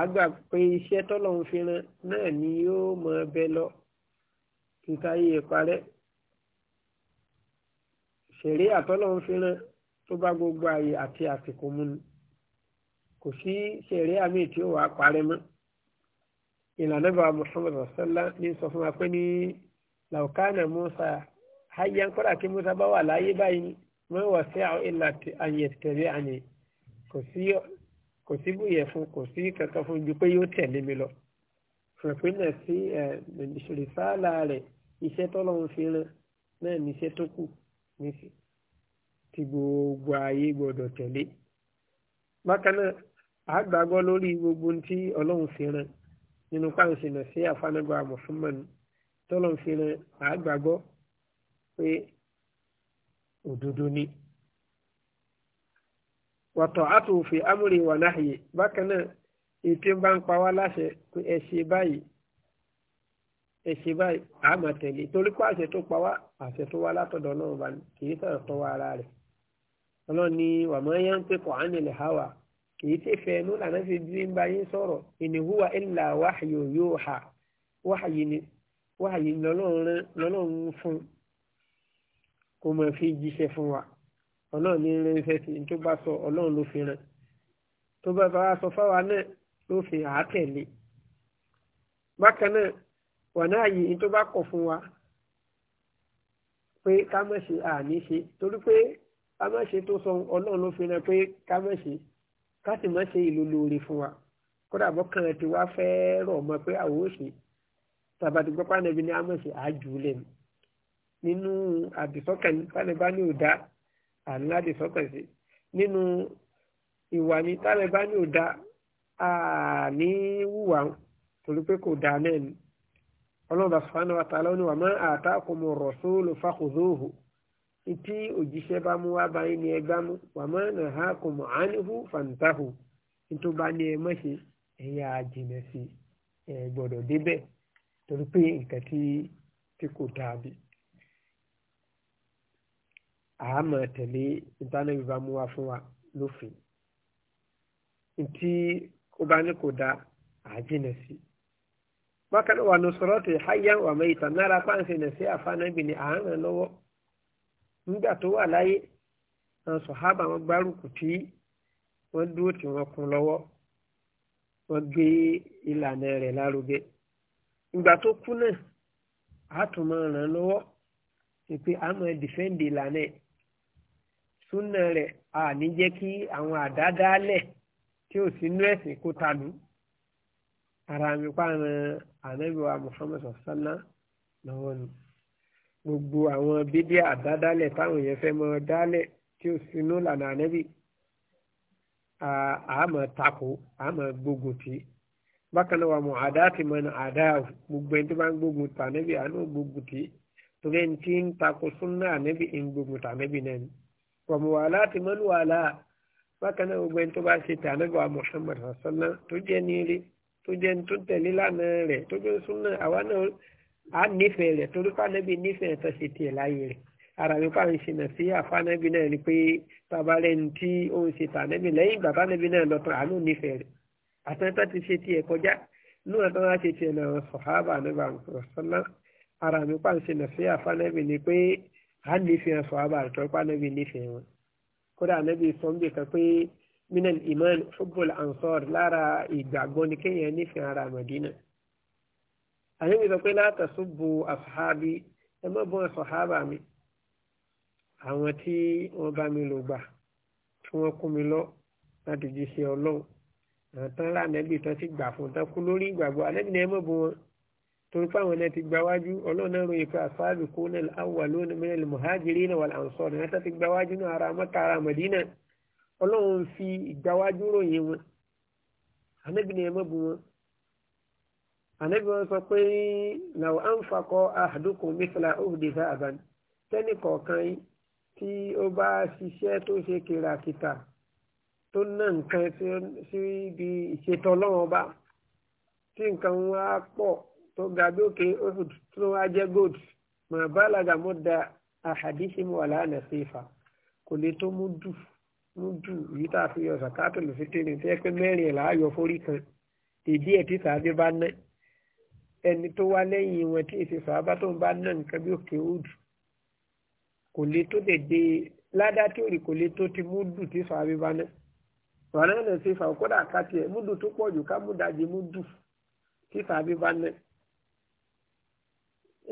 àgbà pé iṣẹ́ tọ́lọ́run fi ran náà ni yóò mọ bẹ lọ kíkáyé parẹ́ ṣeré àtọ́lọ́run fi ran tó bá gbogbo ààyè àti àsìkò mu ni kò sí ṣeré àmì tí ó wà parẹ́ mọ́ ìlànà bá Muhammad sallallahu ní sọ fún wa pé ní law Musa hayyan kọ́dà kí musa bá wà láyé báyìí wọ́n wọ̀ sí àwọn ìlà àyè tẹ̀lé àyè kò sí bùyẹ̀ fún kò sí kankan fún ju pé yóò tẹ̀lé mi lọ fìrìpínlẹ̀ sí ìṣòrìsáàlà rẹ̀ iṣẹ́ tọ́lọ́run fi rán náà níṣẹ́ tó kù níṣẹ́ tí gbogbo ayé gbọ́dọ̀ tẹ̀lé bákan náà àgbàgbọ́ lórí gbogbo tí ọlọ́run fi rán nínú páàsì náà sí àfánágbà mọ̀fúnmọ́ni tọ́lọ́run fi rán àgbàgbọ́ pé òdodo ni wàtọ̀ àtòfin amúre wà náàyè bákan náà ètò bá ń pa wá láṣẹ pé ẹ ṣe báyìí ẹ ṣe báyìí a máa tẹ̀lé torí pé àṣẹ tó pa wá àṣẹ tó wá náà bá kì í ara rẹ̀ ọlọ́run ni wàmọ́ yẹn ń pè kọ́ ánilẹ̀ háwà kì í tẹ̀fẹ́ ẹnu lànà fi bí ń bá yín sọ̀rọ̀ ìníhùwà ìlà yóò hà ni fún un. kó máa fi jíṣẹ́ fún wa ọlọ́run ní ránṣẹ́ sí tó bá sọ ọlọ́run ló fi rán tó bá bá sọ fáwa náà ló fi àátẹ̀lé bákan náà wà náà yìí tó bá kọ̀ fún wa pé ká má ṣe àní ṣe torí pé ká má ṣe tó sọ ọlọ́run ló fi rán pé ká má ṣe ká sì má ṣe ìlú lóore fún wa kódà bọ́kàn ti wá fẹ́ rọ̀ mọ́ pé àwọn tàbátìgbọ́pá nàbí ni a má ṣe àájú lẹ́nu nínú àdìsọ́kàn tálẹ́bá ní òdá ànílá àdìsọ́kàn sí nínú ìwà ní tálẹ́bá ní òdá àní wùwà torí pé kò dáa náà ni ọlọ́run subhanahu wa ta'ala ní wa ma atakumu rasulu fakhuzuhu tí òjíṣẹ́ bá mú wá báyìí ni ẹ gbá mú wa ma nahakum anhu fantahu tó bá ní ẹ mọ̀ṣe ẹ̀yà jìnà sí ẹ gbọ́dọ̀ débẹ̀ torí pé nǹkan tí kò dáa bíi àmọ́ tẹ̀lé ìtànàbí bá mú wa fún wa lófin ntí ó bá ní kò dá àjìnà sí bákan wà ní sọ̀rọ̀ tẹ̀ háyà wà mọ́ ìtàn náírà pàǹsẹ̀ nà sí àfànàbì ní àárẹ̀ lọ́wọ́ nígbà tó wà láyé àwọn sọ̀hábà wọn gbárùkù tí wọ́n dúró tí wọ́n kún lọ́wọ́ wọ́n gbé ìlànà rẹ̀ lárugẹ ìgbà tó kú náà àtúmọ̀ ràn lọ́wọ́ pé àmọ́ dìfẹ́ǹdì ìlànà ẹ̀ súnà rẹ̀ a ní jẹ́ kí àwọn àdádálẹ̀ tí ò sínú ẹ̀sìn kó tanú ara mi pààrọ̀ ànábìwá Muhammad sọ̀sánná lọ́wọ́ ni gbogbo àwọn bídíà àdádálẹ̀ táwọn èèyàn fẹ́ mọ dálẹ̀ tí ò sínú lànà ànábì àmọ́ tako àmọ́ gbógun tì í bákan náà wà mọ àdáàtì mọ ní àdáà gbogbo ẹni tó bá ń gbógun tà ànábì àánú gbógun tì í torí ẹni tí ń tako súnà ànábì ń gbógun tà ànábì náà ni wàmùwàlá àti mọ́nùwàlá bákan náà gbogbo ẹni tó bá ṣe tànàbọ̀ Muhammad sọ́nà tó jẹ́ ní eré tó jẹ́ tó tẹ̀lé lánà rẹ̀ tó jẹ́ súnà àwa náà á nífẹ̀ẹ́ rẹ̀ torí fànàbí nífẹ̀ẹ́ tó ṣe tiẹ̀ láyé rẹ̀ ara mi pàrọ̀ ìṣìnà sí àfànàbí náà ni pé tabalẹ̀ ní tí ó ń ṣe tànàbí lẹ́yìn bàbá nàbí náà lọ́tọ̀ àánú nífẹ̀ẹ́ rẹ̀ àtẹ̀tẹ̀ ti ṣe tiẹ̀ kọjá níwọ̀n tó wá ṣe tiẹ̀ náà sọ̀hábà nàbà sọ́nà ara mi pàrọ̀ ìṣìnà sí àfànàbí ni pé a nífẹ̀ẹ́ sọ̀hábà àtọ́ pa anábì nífẹ̀ẹ́ wọn kódà anábì sọ́ńbì kan pé minal iman hubbul ansor lára ìgbàgbọ́ ni kéèyàn nífẹ̀ẹ́ ara Madina anábì sọ pé láta ṣubú àṣàhábì ẹ má bọ́ sọ̀hábà mi àwọn tí wọ́n bá mi lò gbà tí wọ́n kú mi lọ láti jí sí ọlọ́run àtàn lánàbì tán ti gbà fún tán kú lórí ìgbàgbọ́ anábì ni ẹ má bọ́ wọn torí pé àwọn ẹni ti gba wájú ọlọ́run náà ròyìn pé àfáàbì kó náà àwà lónìí mẹ́rin lè mọ̀hájìrì náà wà láǹsọ̀ náà tó ti gba wájú náà ara mọ́ta ara mọ̀dínà ọlọ́run fi ìgbawájú ròyìn wọn ànábì ni ẹ mọ́ bu wọn ànábì wọn sọ pé làwọn àǹfàkọ àdókò mẹ́fìlà òhùdè àbáni tẹ́nì kọ̀ọ̀kan tí ó bá ṣiṣẹ́ tó ṣe kìràkìtà tó ná nǹkan sí ibi ìṣètò ọlọ́run ọba tí nǹkan wọn á pọ̀ tó ga dókè Uhud tó wá jẹ́ gold mà bálaga mo da àhàdísí mu wà lánàá sí ifá kò lè tó mú dù mú dù yìí tá a fi yọ sàkátò lè fi tẹ̀lé tó yẹ pé mẹ́rin ẹ̀ láàyò forí kan èdè ẹ̀ tí sàábé bá ná ẹni tó wá lẹ́yìn wọn tí èsì sàábà tó ń bá ná nǹkan bí òkè Uhud kò lè tó dèdè ládá tí ò rí kò lè tó ti mú dù tí sàábé bá ná wàhálà ẹ̀ sí ifá kódà ká tiẹ̀ mú dù tó pọ̀ jù ká mú dajì mú dù tí sàábé bá ná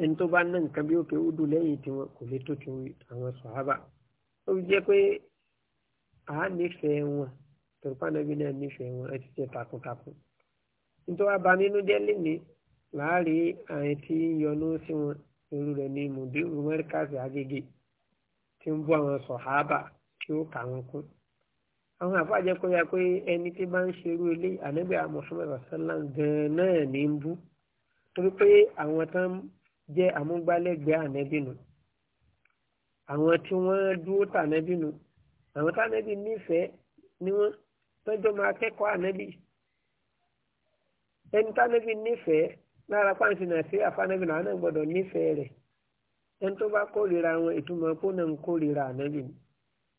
ẹni tó bá ná nǹkan bí òkè údù lẹ́yìn tiwọn kò lè tó tiwọn àwọn sàhábà ó fi jẹ́ pé a nífẹ̀ẹ́ wọn tòlùpá nàbí náà nífẹ̀ẹ́ wọn ẹ ti jẹ́ takuntakun nítorí wàá ba nínú jẹ́ lénìí láàrin àyìn tí ń yọnú sí wọn irú rẹ̀ ní mùdírù mẹ́ríkàsì Agége tí ń bú àwọn sàhábà tí ó kà wọn kún àwọn àfàjẹ́ kó yà pé ẹni tí bá ń ṣerú ilé ànábì Muhammad sallallahu gan-an náà ní ń bú torí pé àwọn tán jẹ́ àmúgbálẹ́gbẹ̀ẹ́ ànẹ́bìnú àwọn tí wọ́n dúró tànẹ́bìnú àwọn tànẹ́bì nífẹ̀ẹ́ ni wọ́n tọ́jọ́ máa kẹ́kọ̀ọ́ ànẹ́bì ẹni tànẹ́bì nífẹ̀ẹ́ lára pàǹtí nàìjíríà fànẹ́bì làwọn náà gbọ́dọ̀ nífẹ̀ẹ́ rẹ̀ ẹni tó bá kórìíra àwọn ìtumọ̀ kó náà ń kórìíra ànẹ́bì ni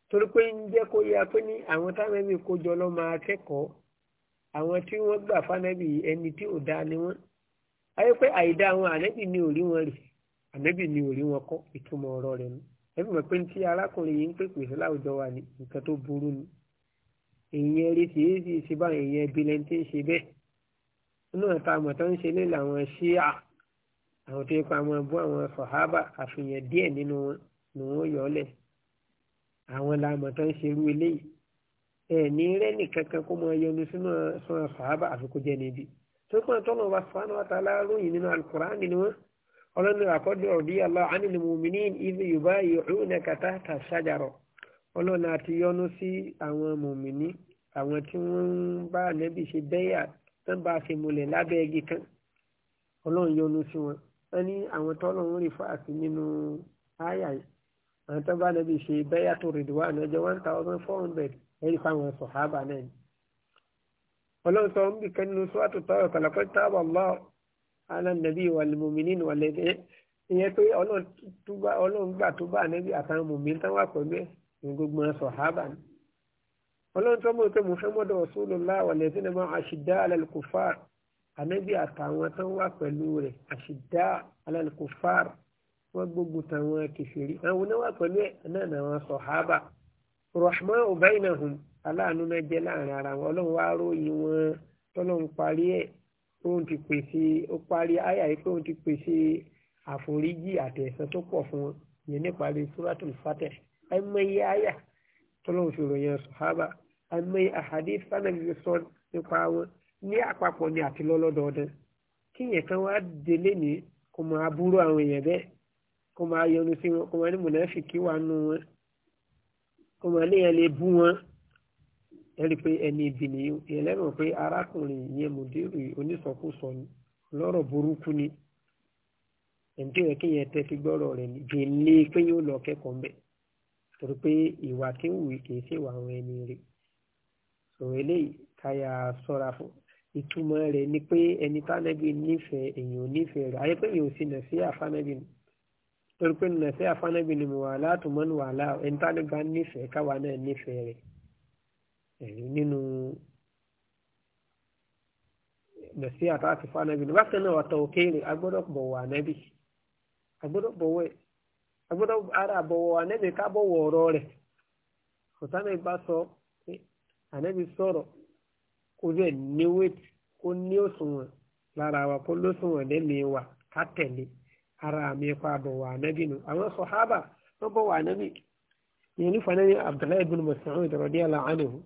torí pé ń jẹ́ kó yá pé ní àwọn tànẹ́bì kójọ lọ́ máa kẹ́kọ̀ọ́ àwọn tí wọ́n gbà fànẹ́bì ẹni tí ò dáa ni wọ́n ayé pé àìdá wọn ànẹ́bì ni òrí wọn rè ànẹ́bì ni òrí wọn kọ́ ìtumọ̀ ọ̀rọ̀ rẹ̀ nù ẹbí mọ̀ pé tí arákùnrin yìí ń pè pèsè láwùjọ wa ní nǹkan tó burú ni èèyàn eré tí èyí sì ṣe báyìí èèyàn ẹbí lẹ́ni tí ń ṣe bẹ́ẹ̀ nínú ẹ̀ta àmọ̀ tó ń ṣe lé làwọn ṣíà àwọn tó yẹ àwọn ẹbú àwọn sọ̀hábà àfihàn díẹ̀ nínú wọn ni wọ́n yọ ọ́lẹ̀ àwọn làmọ̀ tó ń ṣe irú eléyìí ẹ̀ ní rẹ́nì kankan kó mọ ẹyọnu sínú sọ̀hábà àfikún jẹ́ níbi sọ́kùnrin tọ́lọ̀ bá sọ́nà wàtà aláròyìn nínú alukur'an nínú wọn ọlọ́ni àkọ́dọ̀ ọ̀dí aláwọ̀ ánìlì mùmíní ibi yorùbá yòówù ní kàtà tà ṣàjàrọ̀ ọlọ́ni àti yọ́nú sí àwọn mùmíní àwọn tí wọ́n ń bá nẹ́bí ṣe bẹ́yà tán bá fi múlẹ̀ lábẹ́ igi kan ọlọ́run yọ́nú sí wọn wọ́n àwọn tọ́lọ̀ ń rí fáàsì nínú àyà yìí àwọn tán bá nẹ́bí ṣe bẹ́yà tó rìdíwá àná one thousand four hundred ẹ̀rí fáwọn sọ̀hábà náà ọlọ́run sọ ń bì kan nínú sọ́wọ́tò tọ́rọ̀ kọ̀lọ́kọ́ tábà lọ́ alánàbí wàlúmùmínín wàlẹ́dẹ́ ìyẹn pé ọlọ́run gbà tó bá ànábì àtàwọn mùmín tán wà pẹ̀lú ẹ̀ ní gbogbo ọ̀sọ̀ hábà ni. ọlọ́run tó mọ̀ pé muhammad rasulullah wàlẹ́dẹ́ náà máa àṣìdá alálùkùfà ànábì àtàwọn tán wà pẹ̀lú rẹ̀ àṣìdá alálùkùfà wọ́n gbógun tàwọn kìfìrí àwọn náà pẹ̀lú ẹ̀ náà náà wọ́n sọ̀ hábà rahman ubaynahum aláàánú mẹ́jẹ láàrin ara wọn ọlọ́run wá ròyìn wọn tọ́lọ́run parí ẹ̀ òun ti pèsè ó parí àyà yìí pé òun ti pèsè àforíjì àtẹ̀sán tó pọ̀ fún wọn yẹn níparí suratul fatih ẹ̀mẹ́yẹ àyà tọ́lọ́run fi ròyìn sọ̀hábà ẹ̀mẹ́yẹ àhàdí sánàbí sọ nípa wọn ní àpapọ̀ ni àti lọ́lọ́dọọdún kíyẹn kan wá délé ní kò máa búrú àwọn èèyàn bẹ́ẹ̀ kò máa yọnu sí wọn kò máa ní mùnáfìkì wà nù wọn kò máa léèyàn lè bú wọn ẹ̀rí pé ẹni ibi ni ẹlẹ́rọ pé arákùnrin yẹn mùdírì onísọkúsọ lọ́rọ̀ burúkú ni ẹ̀ǹtí rẹ̀ kí yẹn tẹ́tí gbọ́rọ̀ rẹ̀ gbélé pé yóò lọ kẹ́kọ̀ọ́ mbẹ̀ torí pé ìwà tí ń wù kì í ṣe wà àwọn ẹni rẹ̀ sọ̀rọ̀ eléyìí káyà sọ́ra fún ìtumọ̀ rẹ̀ ni pé ẹni tánẹ́bí nífẹ̀ẹ́ èèyàn nífẹ̀ẹ́ rẹ̀ ayé pé èèyàn sì nà sí àfánẹ́bí ni torí pé nà sí àfánẹ́bí ni mo wà látùmọ́ ní wàhálà ẹni tánẹ́bí nífẹ̀ẹ́ káwa náà nífẹ̀ẹ́ rẹ̀ Eh, nínú bẹ̀sí àtàtì fún anábì ní bákan náà ọ̀tọ̀ òkèèrè agbọ́dọ̀ bọ̀wọ̀ anábì agbọ́dọ̀ ara bọ̀wọ̀ anábì ká bọ̀wọ̀ ọ̀rọ̀ rẹ̀ ọ̀tánà ìbá sọ anábì sọ̀rọ̀ kó bẹ́ẹ̀ ní wéètì kó ní òṣùwọ̀n lára wa kó wa ká ara mi pa bọ̀wọ̀ anábì nù àwọn na wọ́n bọ̀wọ̀ anábì yẹn nífa náà Abdullahi ibn Mas'ud radiyallahu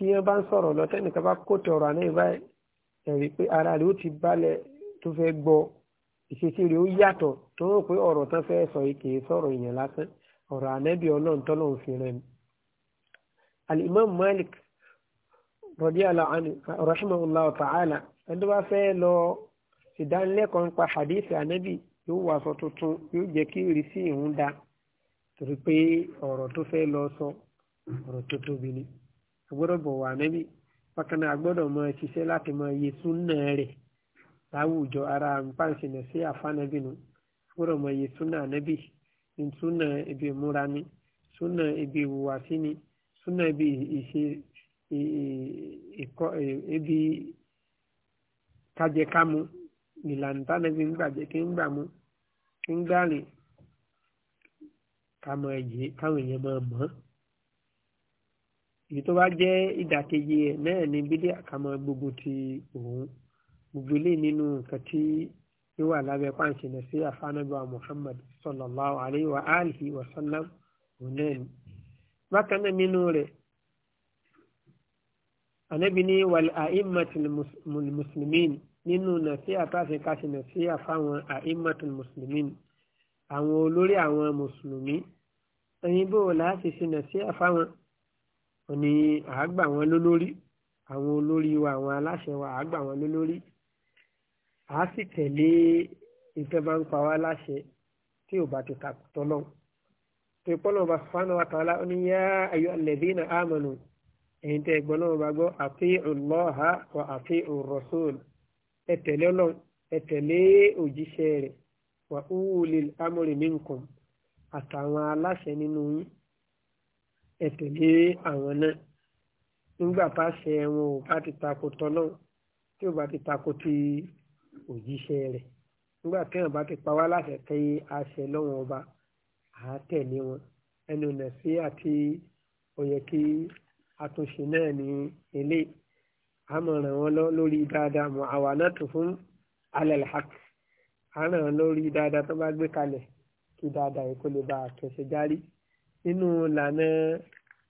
tí wọ́n bá ń sọ̀rọ̀ lọ tẹ́nìkan bá kó tọrọ àná ìbá ẹ̀rí pé ara rẹ̀ ó ti balẹ̀ tó fẹ́ gbọ́ ìṣesí rẹ̀ ó yàtọ̀ tó rò pé ọ̀rọ̀ tán fẹ́ sọ yìí kìí sọ̀rọ̀ èèyàn lásán ọ̀rọ̀ ànábì ọlọ́run tọ́lọ́run fi rẹ̀ ni. al-imam malik radiyallahu anhu rahimahullahu ta'ala ẹni bá fẹ́ lọ ìdánilẹ́kọ̀ọ́ nípa hadith ànábì yóò wọ aṣọ tuntun yóò jẹ́ kí ìrísí ìhun da torí pé ọ̀rọ̀ tó fẹ́ lọ sọ ọ̀rọ̀ tó tóbi ni agbọ́dọ̀ bọ̀ wà nẹ́bí bákan náà agbọ́dọ̀ mọ ṣiṣẹ́ láti mọ iye súnà rẹ̀ láwùjọ ara pàǹsì náà sí àfánàbí agbọ́dọ̀ mọ iye súnà nẹ́bí ní súnà ibi ìmúra ni súnà ibi ìhùwàsí ni súnà ibi ìṣe ibi kájẹkámu ìlànà tánàbí ń gbàjẹ kí ń gbàmú kí ń gbàrìn káwọn èèyàn máa mọ̀ ọ́ èyí tó bá jẹ́ ìdàkejì ẹ̀ náà ni bídí àkàmọ́ gbogbo ti òun gbogbo ilé nínú nǹkan tí ó wà lábẹ́ pàǹṣẹ náà sí àfáànàbà Muhammad sallallahu alayhi wa alihi wa sallam òun náà ni. bákan náà nínú rẹ̀ anabi ní wal a'immatul muslimin nínú nàṣíà táàfin káṣí nàṣíà fáwọn a'immatul muslimin àwọn olórí àwọn mùsùlùmí ẹ̀yin bò láti ṣe nàṣíà fáwọn. ó ní àágbà wọn lólórí àwọn olórí wa àwọn aláṣẹ wa àágbà wọn lólórí a sì tẹ̀lé ìfẹ́ ń pa wá láṣẹ tí ò bá ti takò tọ́lọ́ tó pọ́nà bá fánà wa tààlà ó ní yá ayọ̀ alladhina amanu ẹ̀yin tẹ́ ẹ̀gbọ́n náà ha gbọ́ ati'u Allaha wa ati'u Rasul ẹ tẹ̀lé ọlọ́run ẹ tẹ̀lé òjíṣẹ́ rẹ̀ wa ulil amri minkum àtàwọn aláṣẹ nínú yín ẹ̀tẹ̀lé àwọn náà nígbà tá a ṣe wọn ò bá ti tako tọ́lọ́run tí ò bá ti tako ti òjíṣẹ́ rẹ̀ nígbà tí wọn bá ti pa wá láṣẹ pé a ṣe lọ́wọ́n ọba à á tẹ̀lé wọn ẹnu ọ̀nà sí àti òye kí àtúnṣe náà ní ilé àmọ̀ràn wọn lọ lórí dáadáa mọ àwa náà tó fún alẹ́ làákì àmọ̀ràn lórí dáadáa tó bá gbé kalẹ̀ kí dáadáa yìí kó lè bá a járí nínú ìlànà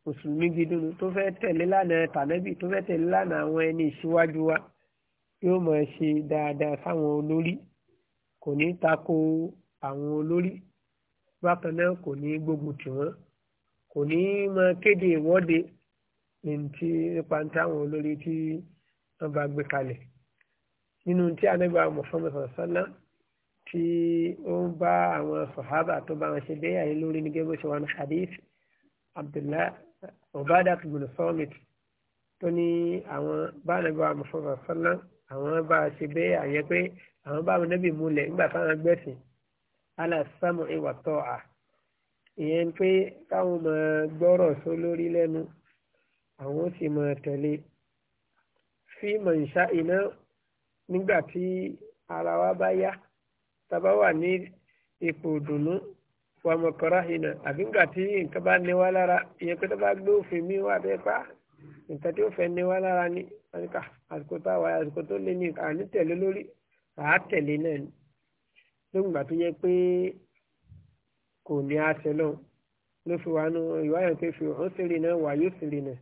mùsùlùmí gidi tó fẹ́ tẹ̀lé lánà tànẹ́bì tó fẹ́ tẹ̀lé lánà àwọn ẹni ìṣíwájú wa yóò máa ṣe dáadáa sáwọn olórí kò ní tako àwọn olórí bákan náà kò ní gbógun tì wọ́n kò ní máa kéde ìwọ́de nti nípa àwọn olórí tí wọ́n bá gbé kalẹ̀ nínú tí anábìá Muhammad sallallahu alaihi tí ó ń bá àwọn sàhábà tó bá wọn ṣe bẹ́yà yìí lórí ní gẹ́gẹ́ bó ṣe wà ní hadith abdullah ubadat bin samit tó ní àwọn bánàbí wa mọ̀fọ́fà sọ́lá àwọn bá a ṣe bẹ́yà yẹn pé àwọn bá wọn nẹ́bì múlẹ̀ nígbà táwọn gbẹ̀sìn ala sam'i wa ta'a ìyẹn pé káwọn máa gbọ́rọ̀ só lórí lẹ́nu àwọn sì máa tẹ̀lé fi man sha'ina nígbà tí ara wa bá yá taba wà ní ipò ìdùnnú wà mọ̀kọ́rá ìnà àbí ńgbà tí nǹkan bá ní wá lára ìyẹn pé tó mi wà bẹ́ẹ̀ pa nǹkan tí ó fẹ́ ní wá lára ni àníkà àsìkò tá a wà àsìkò tó lé ní àní tẹ̀lé lórí àá tẹ̀lé náà ni lóògbà tó yẹ pé kò ní àṣẹ náà ló fi wà nù ìwáyà pé fi ó sì rí náà wà yóò sì rí náà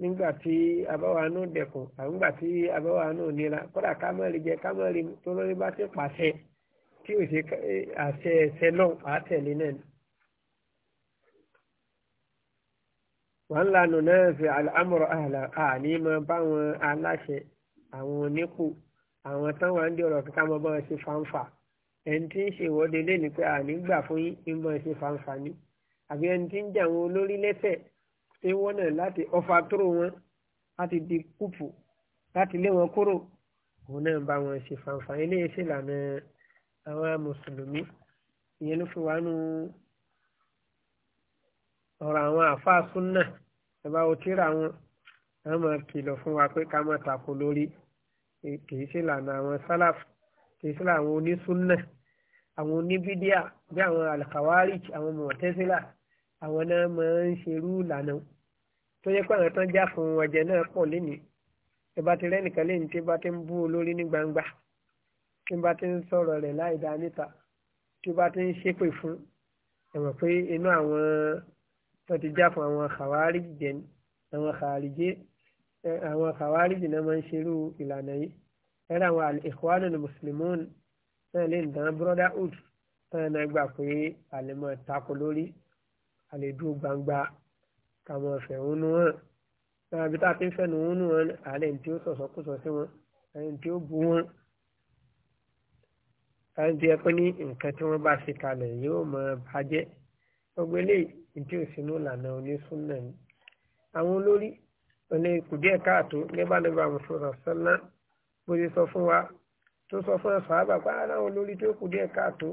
nígbà tí abáwa nù dẹkùn àbúgbà tí abáwa nù nira kódà ká mọ̀ rí tó lórí bá ti pàṣẹ tí ò ṣe eh, àṣẹ ẹsẹ náà àátẹ̀lé náà ni. wọ́n ń lanu náà fi àmọ̀rọ̀ àlà àní máa bá wọn aláṣẹ àwọn onípò àwọn táwọn á ń dọ̀rọ̀ kíkà máa bá wọn ṣe fáńfà ẹni tí ń ṣe ìwọ́de lé ní pé àní gbà fún yín bá wọn ṣe fáńfà ni àbí ẹni tí ń jẹ àwọn olórí lẹ́sẹ̀ ṣé wọ́n náà láti ọfà tóró wọn láti di kúpù láti lé wọn kúrò òun náà bá wọn ṣe fáńfà eléyìí ṣèlànà àwa mùsùlùmí ìyẹn ló fi wá nu ọ̀rọ̀ àwọn àfáà súnà ẹ̀bá o tíra wọn a máa kìlọ̀ fún wa pé ká máa tako lórí kì í ṣe lànà àwọn sálàf kì í ṣe làwọn onísúnà àwọn oníbídíà bí àwọn alkawarij àwọn mọ̀tẹ́sílà àwọn náà máa ń ṣerú ìlànà tó yẹ pé àwọn tán já fún ọjẹ náà pọ̀ lénìí ẹ ti rẹ́nìkan léyìn tí bá ti ń bú olórí ní gbangba tí n bá ti ń sọ̀rọ̀ rẹ̀ láì dá níta tí n bá ti ń ṣépè fún ẹ̀mọ̀ pé inú àwọn tó ti já fún àwọn kàwáríjì jẹ àwọn kàwáríjì àwọn kàwáríjì náà máa ń ṣerú ìlànà yìí ẹ̀rọ àwọn Ikhwanul Muslimun náà lè dán brotherhood náà náà gbà pé àlèmọ̀ tako lórí àlèdúró gbangba kàmọ̀ fẹ̀hónú hàn náà bí tá a ti ń fẹ̀hónú hàn àlẹ́ ní tí ó sọ̀sọ́kùsọ sí wọn àlẹ́ ní tí ó bu wọn ẹni tó ní nǹkan tí wọ́n bá ṣe kalẹ̀ yóò mọ bàjẹ́ gbogbo eléyìí tí ò ìlànà onísúnà ni àwọn olórí ọ̀nà ìkùdíẹ̀ káàtó nígbà nígbà mùsùlùmí sọ́nà bó ti sọ fún wa tó sọ fún ẹ̀sọ́ àbá pé aláwọn ah, olórí tó kùdíẹ̀ káàtó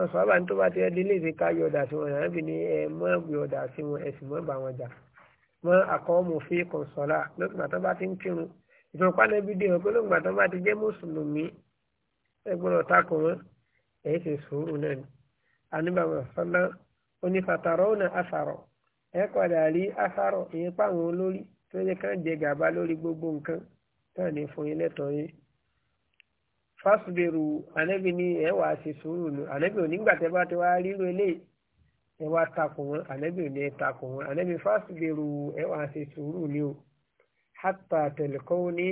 ẹ̀sọ́ àbá ní tó bá ti ẹ́ délé ìdí ká yọ̀dà sí wọn àbí ní ẹ mọ́ yọ̀dà sí wọn ẹ̀sìn mọ́ bá wọn jà mọ́ àkọ́mọ̀fẹ́ kọ̀ǹsọ̀lá lọ́gbàtà bá ti ń kírun ìfọ̀pá ẹ gbọ́dọ̀ takò wọn èyí sì sùúrù náà ni àníbàbà sọ́lá onífàtàrọ́ ọ̀nà àṣàrọ̀ ẹ padà rí àṣàrọ̀ ìyẹn páwọn olórí tó yẹ ká jẹ gàba lórí gbogbo nǹkan náà ní fún yín lẹ́tọ̀ọ́ yín fásitìbẹ̀rù ànẹ́bí ni ẹ wàá ṣe sùúrù nù ànẹ́bí ò nígbà tẹ́ bá ti wá ríro eléyìí ẹ wá takò ànẹ́bí ò ní ẹ takò ànẹ́bí fásitìbẹ̀rù ẹ wàá ṣe sùúrù ni o hátà tẹ̀lẹ́kọ́ ní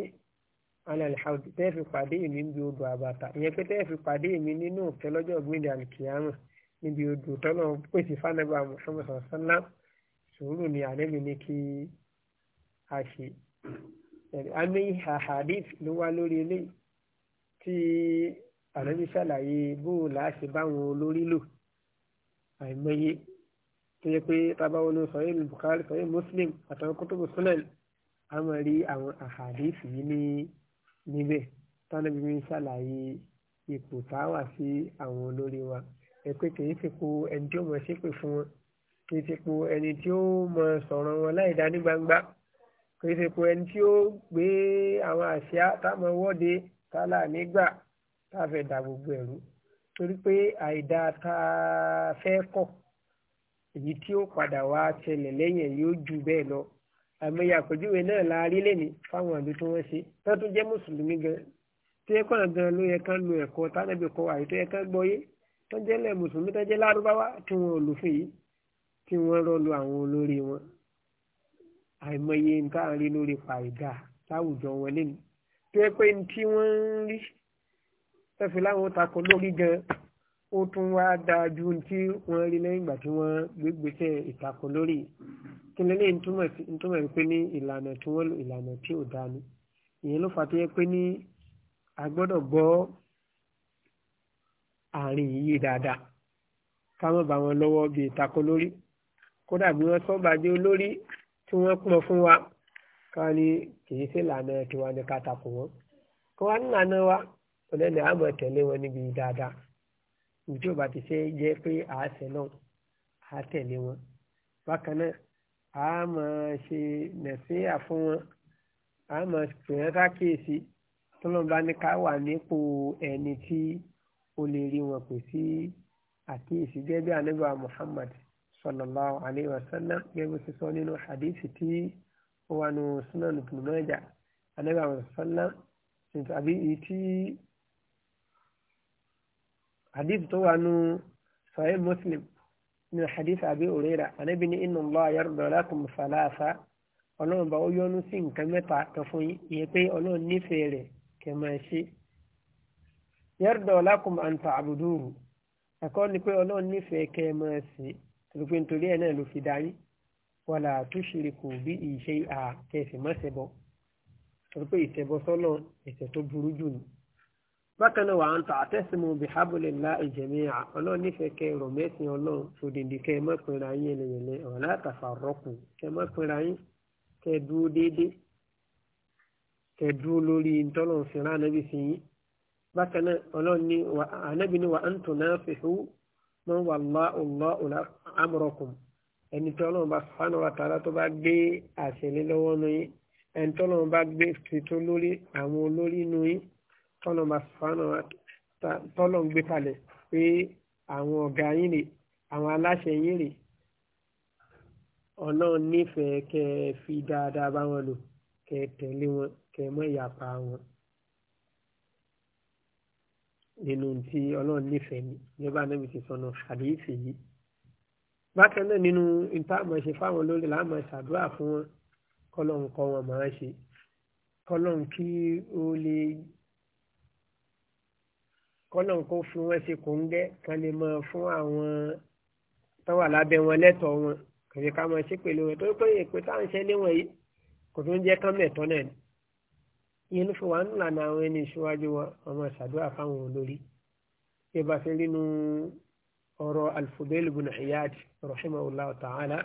alalhaud tẹ́ fi pàdé èmi níbi odò àbàtà ìyẹn pé tẹ́ fi pàdé èmi nínú òkè lọ́jọ́ gbìndé alikiyama níbi odò tọ́lọ́ pèsè fánàbà Muhammad sallá sùúrù ni àlẹ́mi ní kí a ṣe. àmì hadith ló wá lórí ilé tí àlẹ́mi ṣàlàyé bóò láṣẹ báwọn olórí lò àìmọye tó yẹ pé tábàwọn ní sọyìn Bukhari sọyìn Muslim àtàwọn kótóbù sunan àmọ́ rí àwọn ahadith yìí ní níbẹ̀ tánàbí mi ṣàlàyé ipò tá a wà sí àwọn olórí wa ẹ pé kì í ti po ẹni tí ó mọ̀ ṣépè fún wọn kì í ti po ẹni tí ó mọ̀ sọ̀rọ̀ wọn láì dá ní gbangba kì í ti po ẹni tí ó gbé àwọn àṣà táwọn wọ́de tálà nígbà táfẹ́ dà gbogbo ẹ̀rú torí pé àìdá tá a fẹ́ kọ̀ èyí tí ó padà wá ṣẹlẹ̀ lẹ́yìn yóò ju bẹ́ẹ̀ lọ àmì àpèjúwe náà la rí lẹ́ni fáwọn àbí tí wọ́n ṣe tán tún jẹ́ mùsùlùmí gan tó yẹ kọ́nà gan ló yẹ kán lo ẹ̀kọ́ tánàbí kọ́ àyè tó yẹ kán gbọ́yé tán jẹ́ lẹ̀ mùsùlùmí tán jẹ́ lárúbáwá tí wọ́n lòfin yìí tí wọ́n rọ́lu àwọn olórí wọn àìmọye nǹkan àárín lórí fàìdà láwùjọ wọn lẹ́nu tó yẹ pé tí wọ́n ń rí tẹ́fì láwọn tako lórí gan ó tún wá dáa ju tí wọ́n rí lẹ́yìn ìgbà tí wọ́n gbégbèsè ìtàkùn lórí kí lélẹ́ ìtumọ̀ pé ní ìlànà tí wọ́n lò ìlànà tí ò dáa ni ìyẹn ló fà tó yẹ pé ní a gbọ́dọ̀ gbọ́ àárín yìí dáadáa ká má bá wọn lọ́wọ́ bí ìtàkùn lórí kódà bí wọ́n sọ́ba dé olórí tí wọ́n pọ̀ fún wa ká ní kìí sí ìlànà tiwa ní ká takò wọn kó wá nílànà wa ọ̀lẹ́lẹ̀ àmọ̀ tẹ̀lé wọn níbi dáadáa ǹjẹ́ ò bá ti fẹ́ jẹ́ pé àáṣẹ náà á tẹ̀lé wọn bákan náà a máa ṣe nàṣíyà fún wọn a máa pè wọ́n sákèèsí tọ́lọ́n bá ní ká wà nípò ẹni tí ó lè rí wọn pè sí àkíyèsí gẹ́gẹ́ bí Muhammad sallallahu alayhi wa sallam gẹ́gẹ́ bí ó ti sọ nínú hadithi tí ó wà nù Sunan Ibn Majah anábíà Muhammad sallam àbí èyí حديث tó wà nù sahih muslim ní hadith abi urera anabi ní inna Allah yarda lakum salasa ọlọ́run bá ó yọ́nú sí nǹkan mẹ́ta kan fún yín ìyẹn pé ọlọ́run nífẹ̀ẹ́ rẹ̀ kẹ́ máa ṣe yarda lakum an ta'buduhu ẹ̀kọ́ ni pé ọlọ́run nífẹ̀ẹ́ kẹ́ máa ṣe tòlùpẹ́ nítorí ẹ̀ náà ló fi darí wala tushriku bí ìṣe àkẹ́sì mọ́sẹ̀bọ ìṣẹ̀bọ sọ́nà ẹ̀ṣẹ̀ tó burú jù ni bákan náà wà á ń ta àtẹ́sìmù bihabulillahi jami'a ọlọ́run nífẹ̀ẹ́ kẹ ẹ̀rọ mẹ́sìn ọlọ́run fòdìdì kẹ ẹ má pinra yín ẹlẹ́yẹlẹ ọ̀la tafarraqu kẹ má pinra yín kẹ dúró déédéé kẹ dúró lórí ntọ́lọ̀ fìrà ànábì fi yín bákan náà ọlọ́run ní ànábì ní wà á ń tò náà fìhú mọ́ wallahu Allahu amrakum ẹni tọ́lọ́run bá subhanahu tọ́lọ́mà sọ́nà tọ́lọ́ ń gbé kalẹ̀ pé àwọn ọ̀gá yín rè àwọn aláṣẹ yín rè ọlọ́run nífẹ̀ẹ́ kẹ́ ẹ fi dáadáa bá wọn lò kẹ́ ẹ tẹ̀lé wọn kẹ́ ẹ mọ̀ ìyapa wọn nínú tí ọlọ́run nífẹ̀ẹ́ ni nígbà níbi tí sọnà àdéhìsì yìí bákan náà nínú ìtààmọ̀ ṣe fáwọn olórí láàmọ̀ ṣàdúrà fún wọn kọ́lọ́run kọ́ wọn máa ṣe kọ́lọ́run kí ó lè kọ́nà kó fún wọn ṣe kòńgẹ́ kan lè mọ fún àwọn tó wà lábẹ́ wọn lẹ́tọ̀ọ́ wọn kò ní ká mọ sí pẹ̀lú rẹ̀ torí pé èpè táwọn ṣe léwọ̀n yìí kò tó jẹ́ kán mẹ̀tọ́ náà ni ìyẹn ló fi wà ń lànà àwọn ẹni ìṣíwájú wọn ọmọ ṣàdúrà fáwọn olórí bí a bá fi rí nu ọ̀rọ̀ al-Fudail ibn Iyad rahimahullah ta'ala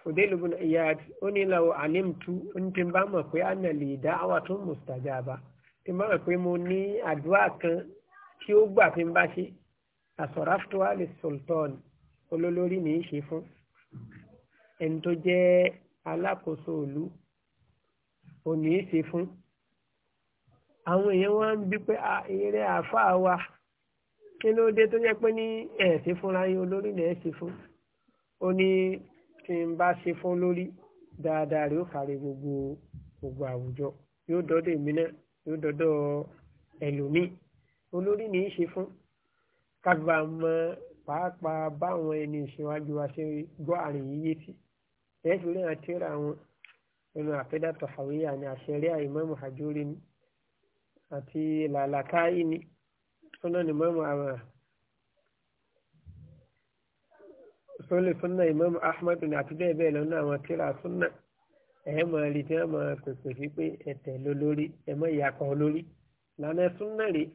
fudel ibn Iyad ó ní law alimtu ó ní tí n bá mọ̀ pé anna li da'watun mustajaba tí n bá mọ̀ pé mo ní àdúrà kan tí ó gbà fi ń bá ṣe àsọ̀ráfíwá sultan olólórí ní í ṣe fún ẹni tó jẹ́ alákòóso ìlú ò ní í ṣe fún àwọn èèyàn wá ń bí pé eré àáfàá wa kí ló dé tó yẹ pé ní ẹ̀ẹ́sì fúnra yín olórí lẹ̀ ṣe fún ó ní tí n bá ṣe fún lórí dáadáa rí ó kárí gbogbo gbogbo àwùjọ yóò dọdọ èmi náà yóò dọdọ ẹlòmíì olórí ní í ṣe fún kábà mọ pàápàá báwọn ẹni ìṣèwájú wa ṣe gbọ́ àrùn yíyé tí ẹ̀sùn lẹ́yìn àtẹ́rà wọn ẹnu àfẹ́dàtọ̀ àwíyà ni àṣẹrí àìmọ́mù àjórí ni àti làlàkáyì ni sọ́nà ni mọ́mù àwọn sọ́lẹ̀ sọ́nà ìmọ́mù ahmadu ni àti bẹ́ẹ̀ bẹ́ẹ̀ lọ́nà àwọn tírà sọ́nà ẹ̀ mọ̀ rí tí wọ́n mọ̀ pèpè sí pé ẹ̀tẹ̀ lólórí ẹ̀ mọ̀ ìyàpọ̀ lórí lànà sọ́nà rèé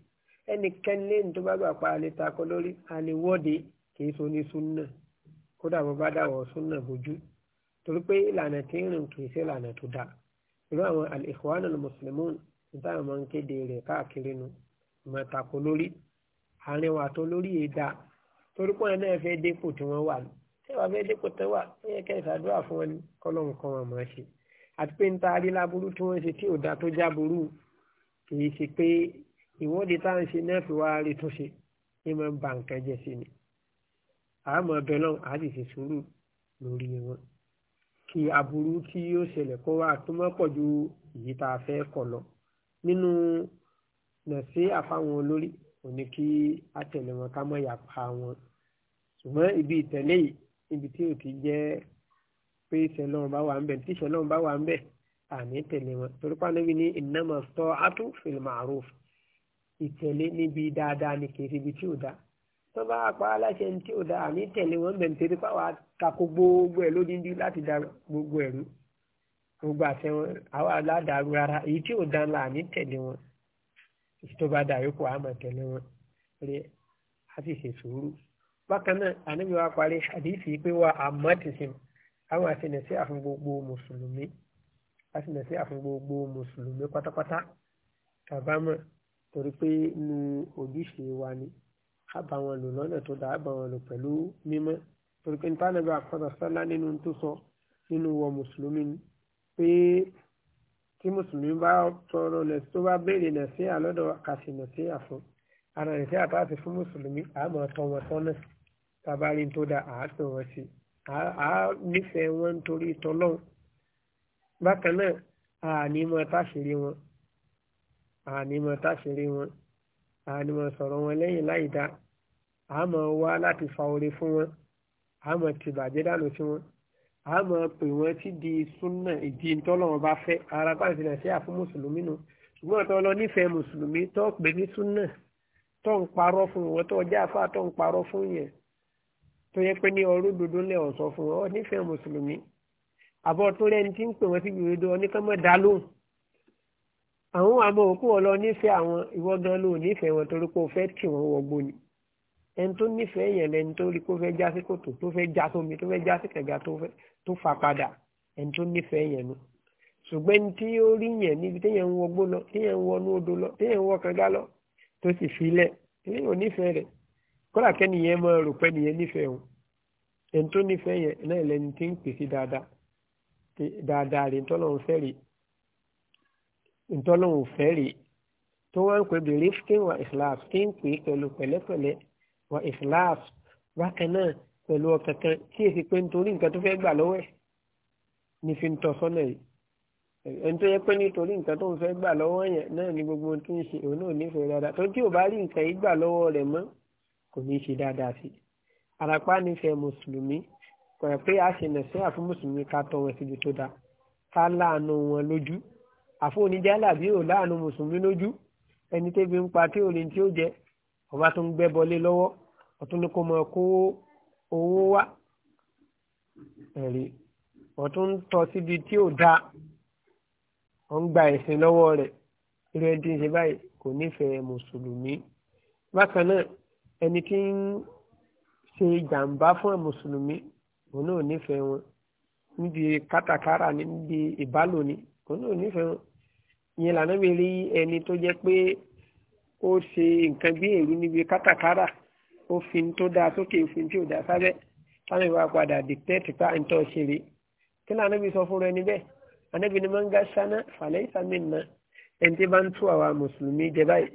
ẹnikẹ́ni lẹ́yìn tó bá gbà pa àlè takọ lórí àlè wọ́de kì í so ní súnà kódà bó bá dáwọ́ súnà bójú torí pé ìlànà tí ń rìn kì í ṣe ìlànà tó dáa irú àwọn al-Ikhwan al-Muslimun nítawọn máa ń kéde rẹ̀ káàkiri nu máa lórí àárín wa tó lórí èdà torí pọ́n náà fẹ́ dépò tí wọ́n wà tí wọ́n fẹ́ dépò tó wà ó yẹ kẹ́ fún wọn kọ́lọ́hún kan wọn máa ṣe àti pé níta rí láburú tí wọ́n ṣe tí ò dá tó já burú kì í ṣe pé ìwọ́de tá à ń ṣe náà fi wá rí tún ṣe ní máa ń ba nǹkan jẹ́ sí ni àmọ́ ọbẹ̀ náà á sì ṣe sùúrù lórí wọn kí aburú tí yóò ṣẹlẹ̀ kó wà tó má pọ̀ ju èyí tá a fẹ́ kọ̀ lọ nínú nàṣí àfáwọn olórí òní kí á tẹ̀lé wọn ká mọ̀ yàpá wọn ṣùgbọ́n ibi ìtẹ̀lé yìí ibi tí ò ti jẹ́ pé ìṣẹ̀lọ́run bá wà ń bẹ̀ tí ìṣẹ̀lọ́run bá wà ń bẹ̀ àní tẹ̀lé wọn torípa níbi ní ìnámọ̀ tọ́ átú fil ìtẹ̀lé níbi dáadáa ni kì í síbi tí ò dá tó bá pa aláṣẹ ní tí ò dá àní tẹ̀lé wọn bẹ̀rẹ̀ nítorí pàwọ́ àtakò gbogbo ẹ̀ lódindi láti da gbogbo ẹ̀rú gbogbo àṣẹ wọn àwa aládàárú rárá èyí tí ò dá ńlá àní tẹ̀lé wọn tó bá dà yòókù àmọ̀ tẹ̀lé wọn rẹ á sì ṣe sùúrù bákan náà àníbi wa parí àdìsí pé wà àmọ́ ti sìn àwọn àṣẹnẹsẹ àfún gbogbo mùsùlùmí àṣẹnẹsẹ àfún gbogbo mùsùlùmí pátápátá kàbámọ̀ torí pé nu ojúṣe wa ni a bá wọn lò lọ́nà tó dáa a bá wọn lò pẹ̀lú mímọ́ torí pé nípa nàbẹ́ àkọ́dọ̀ sọ́lá nínú tó sọ nínú wọ mùsùlùmí ni pé tí mùsùlùmí bá tọrọ lẹ́sí tó bá béèrè lẹ́sí àlọ́dọ̀ kàṣì lẹ́sí àfún ara ìṣe àtàtì fún mùsùlùmí àmọ́ tọ́ wọn sọ́nà tabarin tó da àátọ̀ wọn sí a nífẹ̀ẹ́ wọn nítorí tọ́lọ́hún bákan náà àní mọ́ táṣìírí wọn ànímọ̀ táṣìírí wọn ànímọ̀ sọ̀rọ̀ wọn lẹ́yìn láì dá àmọ́ wá láti fa oore fún wọn àmọ́ ti bàjẹ́ dànù sí wọn àmọ́ pè wọ́n ti di súnà ìdí ntọ́lọ́wọ́n bá fẹ́ ara bá ìfilẹ̀ sí àfún mùsùlùmí nu ṣùgbọ́n tó lọ nífẹ̀ẹ́ mùsùlùmí tó pè ní súnà tó ń parọ́ fún wọn tó jẹ́ àfa tó ń parọ́ fún yẹn tó yẹ pé ní ọrú dúdú lẹ̀ ọ̀sọ́ fún wọn nífẹ̀ẹ́ mùsùlùmí àbọ̀ tó rẹ́ni tí ń pè wọ́n sí gbèrèdó ọ àwọn àmọ́ òkú wọn lọ nífẹ̀ẹ́ àwọn ìwọ gan ló nífẹ̀ẹ́ wọn torí pé o fẹ́ tì wọ́n wọgbó ni ẹni tó nífẹ̀ẹ́ yẹn lẹni tó rí pé ó fẹ́ já sí kòtò tó fẹ́ já sómi tó fẹ́ já sí kẹ̀gà tó fà padà ẹni tó nífẹ̀ẹ́ yẹn nu ṣùgbọ́n ẹni tí ó rí yẹn níbi téèyàn ń wọgbó lọ téèyàn ń wọnú odò lọ téèyàn ń wọ kẹ̀gà lọ tó sì filẹ̀ eléyìí ò nífẹ̀ẹ́ rẹ̀ kódà kẹ́niyẹn mọ rò pé nìyẹn nífẹ̀ẹ́ òun ẹni tó nífẹ̀ẹ́ yẹn náà lẹni tí ń ntọ́lọ́hún fẹ́ rè tó wá ń pè bèrè wa islas, tí ń pè pẹ̀lú pẹ̀lẹ́pẹ̀lẹ́ wa islas, bákan náà pẹ̀lú ọkàn kan tí èsì pé nítorí nǹkan tó fẹ́ gbà lọ́wọ́ ẹ̀ ní fi ń tọ́ sọ́nà yìí ẹni yẹ pé nítorí nǹkan tó ń gbà lọ́wọ́ yẹn náà ni gbogbo ohun tó ń ṣe òun náà nífẹ̀ẹ́ dáadáa tó tí ò bá rí nǹkan yìí gbà lọ́wọ́ rẹ̀ mọ́ kò ní í ṣe dáadáa sí i àràpá nífẹ̀ẹ́ mùsùlùmí kò pé a ṣe nà àfún mùsùlùmí ká tọ́ wọn síbi tó dáa ká láàánú wọn lójú àfọ̀nìjálàbí ò láàánú mùsùlùmí lójú ẹni tẹ́bi ń pa tí òní tí ó jẹ ọba tó ń gbẹ́bọlé lọ́wọ́ ọ̀tún ní kó mọ kó owó wá ẹ̀rí ọ̀tún ń tọ́ síbi tí ò dáa ọ̀ ń gba ẹ̀sìn lọ́wọ́ rẹ̀ irú ẹni tí ń ṣe báyìí kò nífẹ̀ẹ́ mùsùlùmí bákan náà ẹni tí ń ṣe jàǹbá fún mùsùlùmí òun náà nífẹ̀ẹ́ wọn níbi kátàkárà níbi ìbálò òun náà nífẹ̀ẹ́ wọn ìyẹn lànà bí rí ẹni tó jẹ́ pé ó ṣe nǹkan bí èrú níbi kátàkárà ó fi ń tó dáa sókè òfin tí ò dáa sábẹ́ táwọn ìwà padà dìtẹ́ẹ̀tì pa ń tọ́ ṣe rè kí lànà bí sọ fúnra ẹni bẹ́ẹ̀ anábì ni máa ń ga ṣáná fàlẹ́ ìsàmì nà ẹni tí bá ń tú àwa mùsùlùmí jẹ báyìí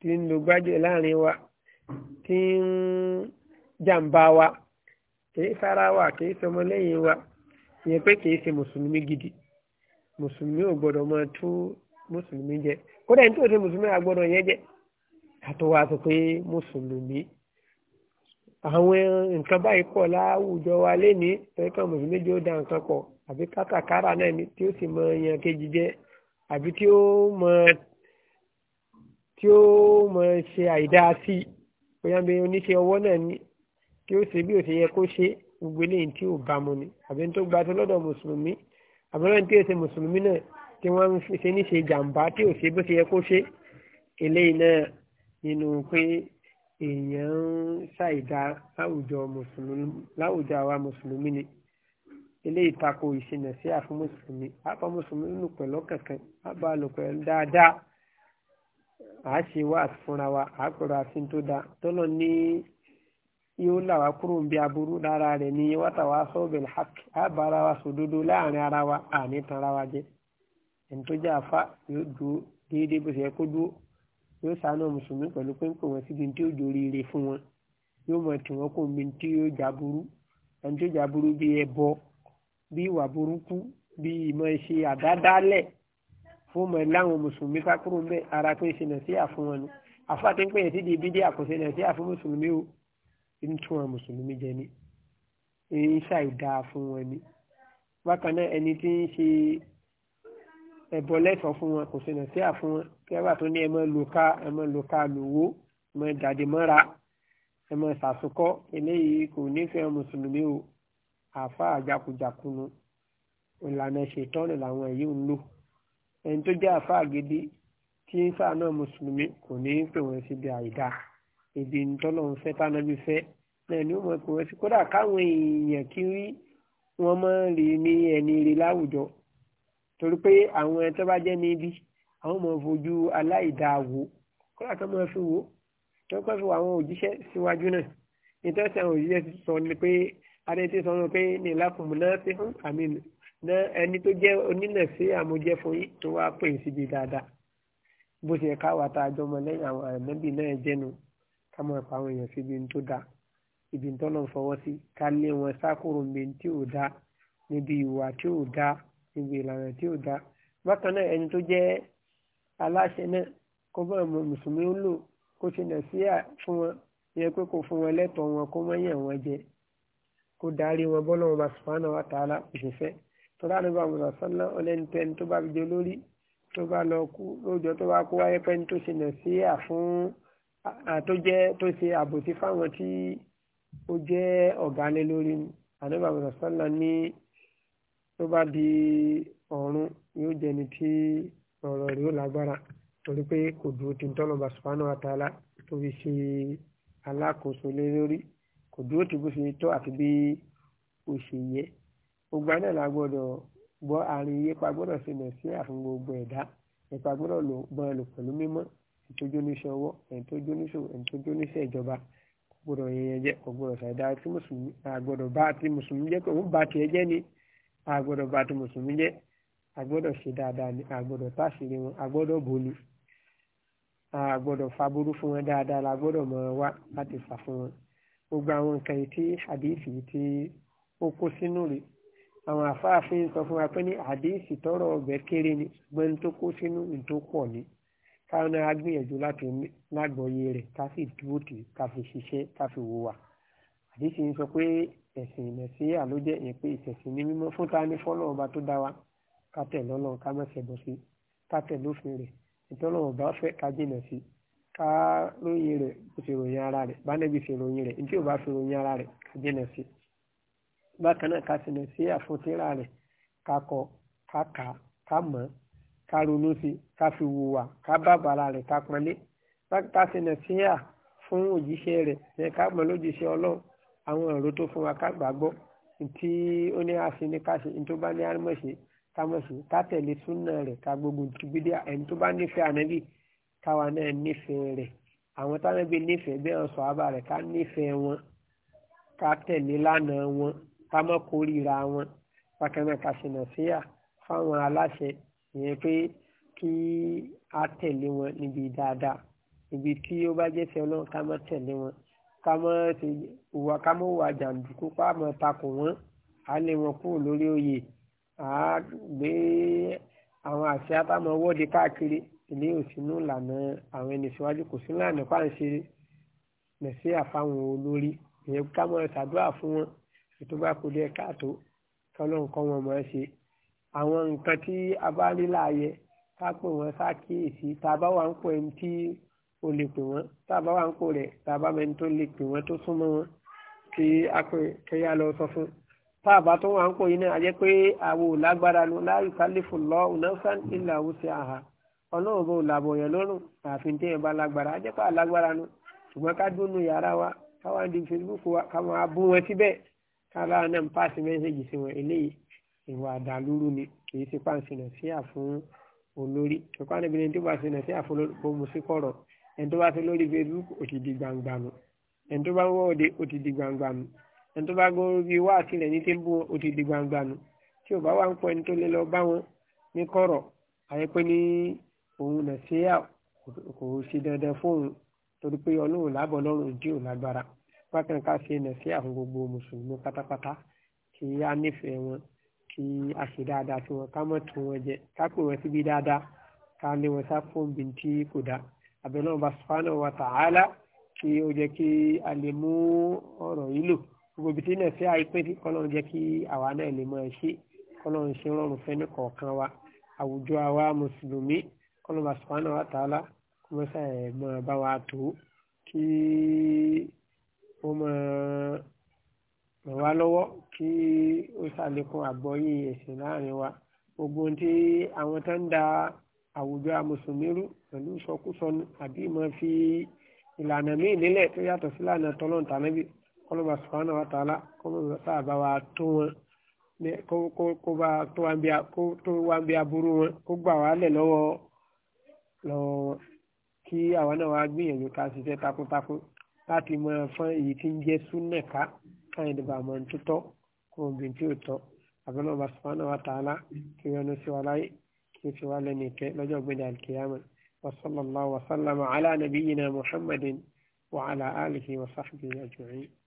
tí ń lo gbájúẹ̀ láàrin wa tí ń jàǹbá wa kìí sára wa kìí sọmọlẹ́yìn wa ìyẹn pé kìí ṣe mùsùlùmí gidi mùsùlùmí ò gbọ́dọ̀ máa tú mùsùlùmí jẹ́ kódà ní tòótọ́ mùsùlùmí àgbọ̀dọ̀ yẹn jẹ́ àtọwà sọ pé mùsùlùmí àwọn nǹkan báyìí pọ̀ láwùjọ wa léni tẹ́kàn mùsùlùmí jẹ́ ó da nǹkan pọ̀ àbí kátàkárà náà ni tí ó sì mọ èèyàn kejì jẹ́ àbí tí ó mọ tí ó mọ ṣe àìdáa sí bóyá bí oníṣẹ́ ọwọ́ náà ni tí ó ṣe bí ó ṣe yẹ kó ṣe gbogbo eléyìí tí ò bá mu ni àbí tó gba tó lọ́dọ̀ mùsùlùmí àbí lọ́dọ̀ tí ó ṣe mùsùlùmí náà tí wọ́n ń ṣe ní ṣe jàǹbá tí ò ṣe bó ṣe yẹ kó ṣe eléyìí náà nínú pé èèyàn ń ṣàìdá láwùjọ mùsùlùmí láwùjọ àwa mùsùlùmí ni eléyìí tako ìṣìnà sí àfún mùsùlùmí àpá mùsùlùmí nù pẹ̀lú kankan àbá lò pẹ̀lú dáadáa àá ṣe wá àfúnra wa àpẹ̀rọ àfin tó dáa tọ́lọ̀ ní yóò là wá kúrò ń bí aburú lára rẹ̀ ní wátàwá sọ́ọ̀bẹ̀lì hàk àbára wa sòdodo láàrin ara wa àní tanra wa jẹ́ ẹni tó jẹ́ àfa yóò dúró déédéé bó ṣe yẹ kó dúró yóò ṣàánú mùsùlùmí pẹ̀lú pé ń pè wọ́n síbi tí ó jòrí ire fún wọn yóò mọ̀ tí wọ́n kò ń bi tí yóò já burú ẹni tó já burú bí ẹbọ bí ìwà burúkú bí ìmọ̀ ṣe àdádálẹ̀ fún ọmọ láwọn mùsùlùmí kákúrò ń bẹ ara pé ṣe nà sí àfún wọn ni àfa tí ń pè yẹn sí di bídí àkọsẹ nà sí àfún mùsùlùmí o ń tún wọn mùsùlùmí jẹ ni ń ṣàìdá fún wọn ni bákan náà ẹni tí ń ṣe ẹ̀bọ lẹ́sọ̀ fún wọn kò sínú sí àfún wọn kẹ́bà tó ní ẹmọ lòka ẹmọ lòka lòwó ẹmọ dàdé mọ́ra ẹmọ sàsùkọ́ eléyìí kò nífẹ̀ẹ́ mùsùlùmí o àfa àjàkùjàkùnú ìlànà ṣètọ́nù làwọn èyí ń lò ẹni tó jẹ́ àfa àgídí tí ń sàánà mùsùlùmí kò ní í pè wọ́n síbi àìdá ìdí ntọ́lọ́run fẹ́ tánábí fẹ́ náà ni ó mọ̀ pé wọ́n ti kódà káwọn èèyàn kiri wọ́n máa ń rí ní ẹni rí láwùjọ torí pé àwọn ẹ̀ tó bá jẹ́ níbi àwọn ọmọ fojú aláìdáa wò kọ́lá kan máa fi wò tó kọ́ fi wọ àwọn òjíṣẹ́ síwájú náà ìtọ́sí àwọn òjíṣẹ́ ti sọ ni pé adétí sọ wọn pé ní ìlàkùnmù náà ti hàn àmì náà ẹni tó jẹ́ onílẹ̀ sí àmójẹ́ fún yín tó wá pè é síbi dáadáa bó ṣe káwà tá a jọ mọ lẹ́yìn àwọn ànábì náà jẹ́nu ká máa pa àwọn èèyàn síbi tó dáa ibi tó lọ́n fọwọ́ sí ká lé wọn sákòrò mi tí ò dáa níbi ìwà tí ò dáa ibi ìlànà tí ò dáa bákan náà ẹni tó jẹ́ aláṣẹ náà kó bá àwọn mùsùlùmí ń lò kó ṣe nà sí fún wọn yẹ pé kó fún wọn lẹ́tọ̀ọ́ wọn kó mọ́ yàn wọn jẹ kó darí wọn bọ́lá wọn bá subhanahu wa ta'ala òṣìṣẹ́ tọ́lá ní bàbá ọ̀nà sọ́nà ọlẹ́ni tó ẹni tó bá jẹ olórí tó bá lọ kú lóòjọ́ tó bá kó wáyé pẹ́ni tó ṣe nà sí à fún àtọ́jẹ́ tó ṣe àbòsí fáwọn tí ó jẹ́ ọ̀gá lé lórí àdébàbọ̀nà sọ́nà ní tó bá di ọ̀run yóò jẹ́ ni tí ọ̀rọ̀ rẹ̀ ó lágbára torí pé kò dúró ti ń tọ́lọ̀ bá subhanahu wa tó fi ṣe alákòóso lé lórí kò dúró ti bó ṣe tọ́ àti bí ó ṣe yẹ gbogbo àná la gbọ́dọ̀ gbọ́ àárín iye pa gbọ́dọ̀ ṣe mẹ̀ sí àfún gbogbo ẹ̀dá ẹ̀pà gbọ́dọ̀ lò bọ́n lò pẹ̀lú mímọ́ ìtọ́jú oníṣẹ́ ọwọ́ ìtọ́jú oníṣòwò ìtọ́jú oníṣẹ́ ìjọba kò gbọ́dọ̀ yẹn jẹ́ kò gbọ́dọ̀ ṣàìdá tí mùsùlùmí àgbọ́dọ̀ bá ti mùsùlùmí jẹ́ pé òun bá tiẹ̀ jẹ́ ni àgbọ́dọ̀ bá ti mùsùlùmí jẹ́ àgbọ́dọ̀ ṣe dáadáa ni àgbọ́dọ̀ táṣìírí wọn àgbọ́dọ̀ bò ní àgbọ́dọ̀ faburú fún wọn dáadáa la gbọ́dọ̀ mọ̀ wá láti fà fún wọn gbogbo àwọn nǹkan yìí tí àdéhìsì yìí tí ó kó sínú rẹ̀ àwọn àfáàfin sọ fún wa pé ní àdéhìsì tọrọ ọbẹ kéré ni gbẹn tó kó sínú ní tó pọ̀ ni káwọn náà gbìyànjú láti lágbọ̀ọ́yé rẹ̀ ká dúró tì ká fi ṣiṣẹ́ wò wá àdéhìsì ń sọ pé ẹ̀sìn ìmẹ̀síyà ló jẹ́ ìyẹn pé ìtẹ̀sìn ní mímọ́ fún ta ní fọ́lọ́ ọba tó dá wa ká tẹ̀ lọ́nà ká má ṣẹbọ sí ká tẹ̀ lófin rẹ̀ ìtọ́nà ọba fẹ́ ká jìnà sí ká ròyìn rẹ̀ kó ṣe ròyìn ara rẹ̀ bánẹ́bí ṣe ròyìn rẹ̀ ìdí ọba fi ròyìn ara rẹ̀ ká jìnà sí. bákan náà ká ṣìnà sí àfúntínra rẹ̀ ká kọ ká kà ká mọ̀ ká ronú sí ká fi wùwà ká bàbàrà rẹ̀ ká pọnlé ká ṣìnà sí à fún òjíṣẹ́ rẹ̀ ká mọ̀ lójíṣẹ́ ọlọ́run àwọn ọ̀rọ̀ tó fún wa ká gbàgbọ́ tí ó ní àṣẹ ní káṣe ní tó bá ní àmọ̀ṣe kámọ̀ṣe ká tẹ̀lé súnà rẹ̀ ká gbógun ti gbé dé ẹni tó bá nífẹ̀ẹ́ ànábì káwa náà nífẹ̀ẹ́ rẹ̀ àwọn tánábì nífẹ̀ẹ́ bẹ́ẹ̀ ń sọ àbá rẹ̀ ká nífẹ̀ẹ́ wọn ká tẹ̀lé lánàá wọn ká má kórìíra wọn bákan ká ṣìnà síyà fáwọn aláṣẹ ìyẹn pé kí a tẹ̀lé wọn níbi dáadáa níbi tí ó bá jẹ́ fẹ́ ọlọ́run ká má tẹ̀lé wọn ká mọ́ ti wà ká mọ́ wà jàǹdùkú pa mọ́ takò wọ́n á lé wọn kúrò lórí oyè á gbé àwọn àṣẹ àtàmọ́ wọ́de káàkiri ilé òsínú ìlànà àwọn ẹni síwájú kò sí ìlànà pàǹṣẹ mẹ̀sí àfáwọn olórí ìyẹn ká mọ́ ṣàdúrà fún wọn ètò bá kú díẹ̀ káàtó kọ́lọ́n kọ́ wọn mọ̀ ẹ́ ṣe àwọn nǹkan tí a bá rí láàyè ká pè wọ́n sákìyèsí tá a bá wà ń pọ̀ ẹni tí o lè pè wọ́n tá a bá wà ń kó rẹ̀ tá a bá mẹ́ni tó lè pè wọ́n tó súnmọ́ wọn kí a pè lọ sọ fún tá tó wà ń kó yìí náà a jẹ́ pé àwọn ò lágbára lọ la yukallifullahu nafsan illa wus'aha ọlọ́run bó làbọ̀ yẹn lọ́rùn àfin téèyàn bá lágbára á jẹ́ pé àlágbára nu ṣùgbọ́n ká dúnú yàrá wa ká di Facebook wa ká máa bú wọn síbẹ̀ ká láwọn náà ń pàṣẹ mẹ́sẹ̀gì sí wọn eléyìí ìwà àdàlúrú ni kì í ṣe pàǹsìnà sí àfún olórí ìpàdé ìbílẹ̀ tí ó bá ṣe sí àfún olórí kó mu sí kọ̀rọ̀ ẹni tó bá fi lórí facebook ó ti di gbangba mu ẹni tó bá ń wọ́ọ̀dẹ ó ti di gbangba mu ẹni tó bá gbọ́ bí wá àtìlẹ̀ ní tẹ́bù ó ti di gbangba mu tí ò bá wà ń pọ̀ ẹni tó lè lọ bá wọn ní kọ̀rọ̀ àyẹ pé ní òun nà sí à kò ṣe dandan fóun torí pé ọlọ́run lábọ̀ lọ́rùn ìdí ò lágbára bákan ká ṣe nà sí àwọn gbogbo mùsùlùmí pátápátá kí á nífẹ̀ẹ́ wọn kí a ṣe dáadáa tí wọn ká mọ̀ tún wọn jẹ ká pè wọn síbi dáadáa ká lé wọn sá fóun bí tí kò dáa àbẹ̀lẹ́ ọba subhanahu wa ta'ala kí ó jẹ́ kí a lè mú ọ̀rọ̀ yìí lò gbogbo ibi tí náà sí àìpé tí kọ́lọ́n jẹ́ kí àwa náà lè mọ ẹ ṣe kọ́lọ́n ṣe rọrùn fẹ́ ní kọ̀ọ̀kan wa àwùjọ àwa mùsùlùmí kọ́lọ́n ọba subhanahu wa ta'ala kó mọ́sá ẹ̀ mọ́ ẹ bá wa tó kí ó mọ ràn wá lọ́wọ́ kí ó ṣàlékún àgbọ́yé ẹ̀sìn láàrin wa gbogbo ohun tí àwọn tó ń da àwùjọ amùsùnmí rú pẹ̀lú ìsọkúsọ àbí ìmọ̀ fi ìlànà míì nílẹ̀ tó yàtọ̀ sí ìlànà tọ́lọ́n tànábì kọlọ́bà sùpánà wa tààlà kọlọ́bà sáàbà wa tó wọn kó bá tó wá ń bí aburú wọn kó gbà wá lẹ̀ lọ́wọ́ lọ́wọ́ wọn kí àwa náà wá gbìyànjú ká ṣiṣẹ́ takuntakun láti mọ fún èyí tí ń jẹ́ súnà ká káyìn dìbò àmọ́ ń tó tọ́ kó obìnrin tí ò tọ́ àbẹ́lọ́bà sùpánà wa tààlà kí wọn ní sí wa láyé. لجو وصلى الله وسلم على نبينا محمد وعلى آله وصحبه أجمعين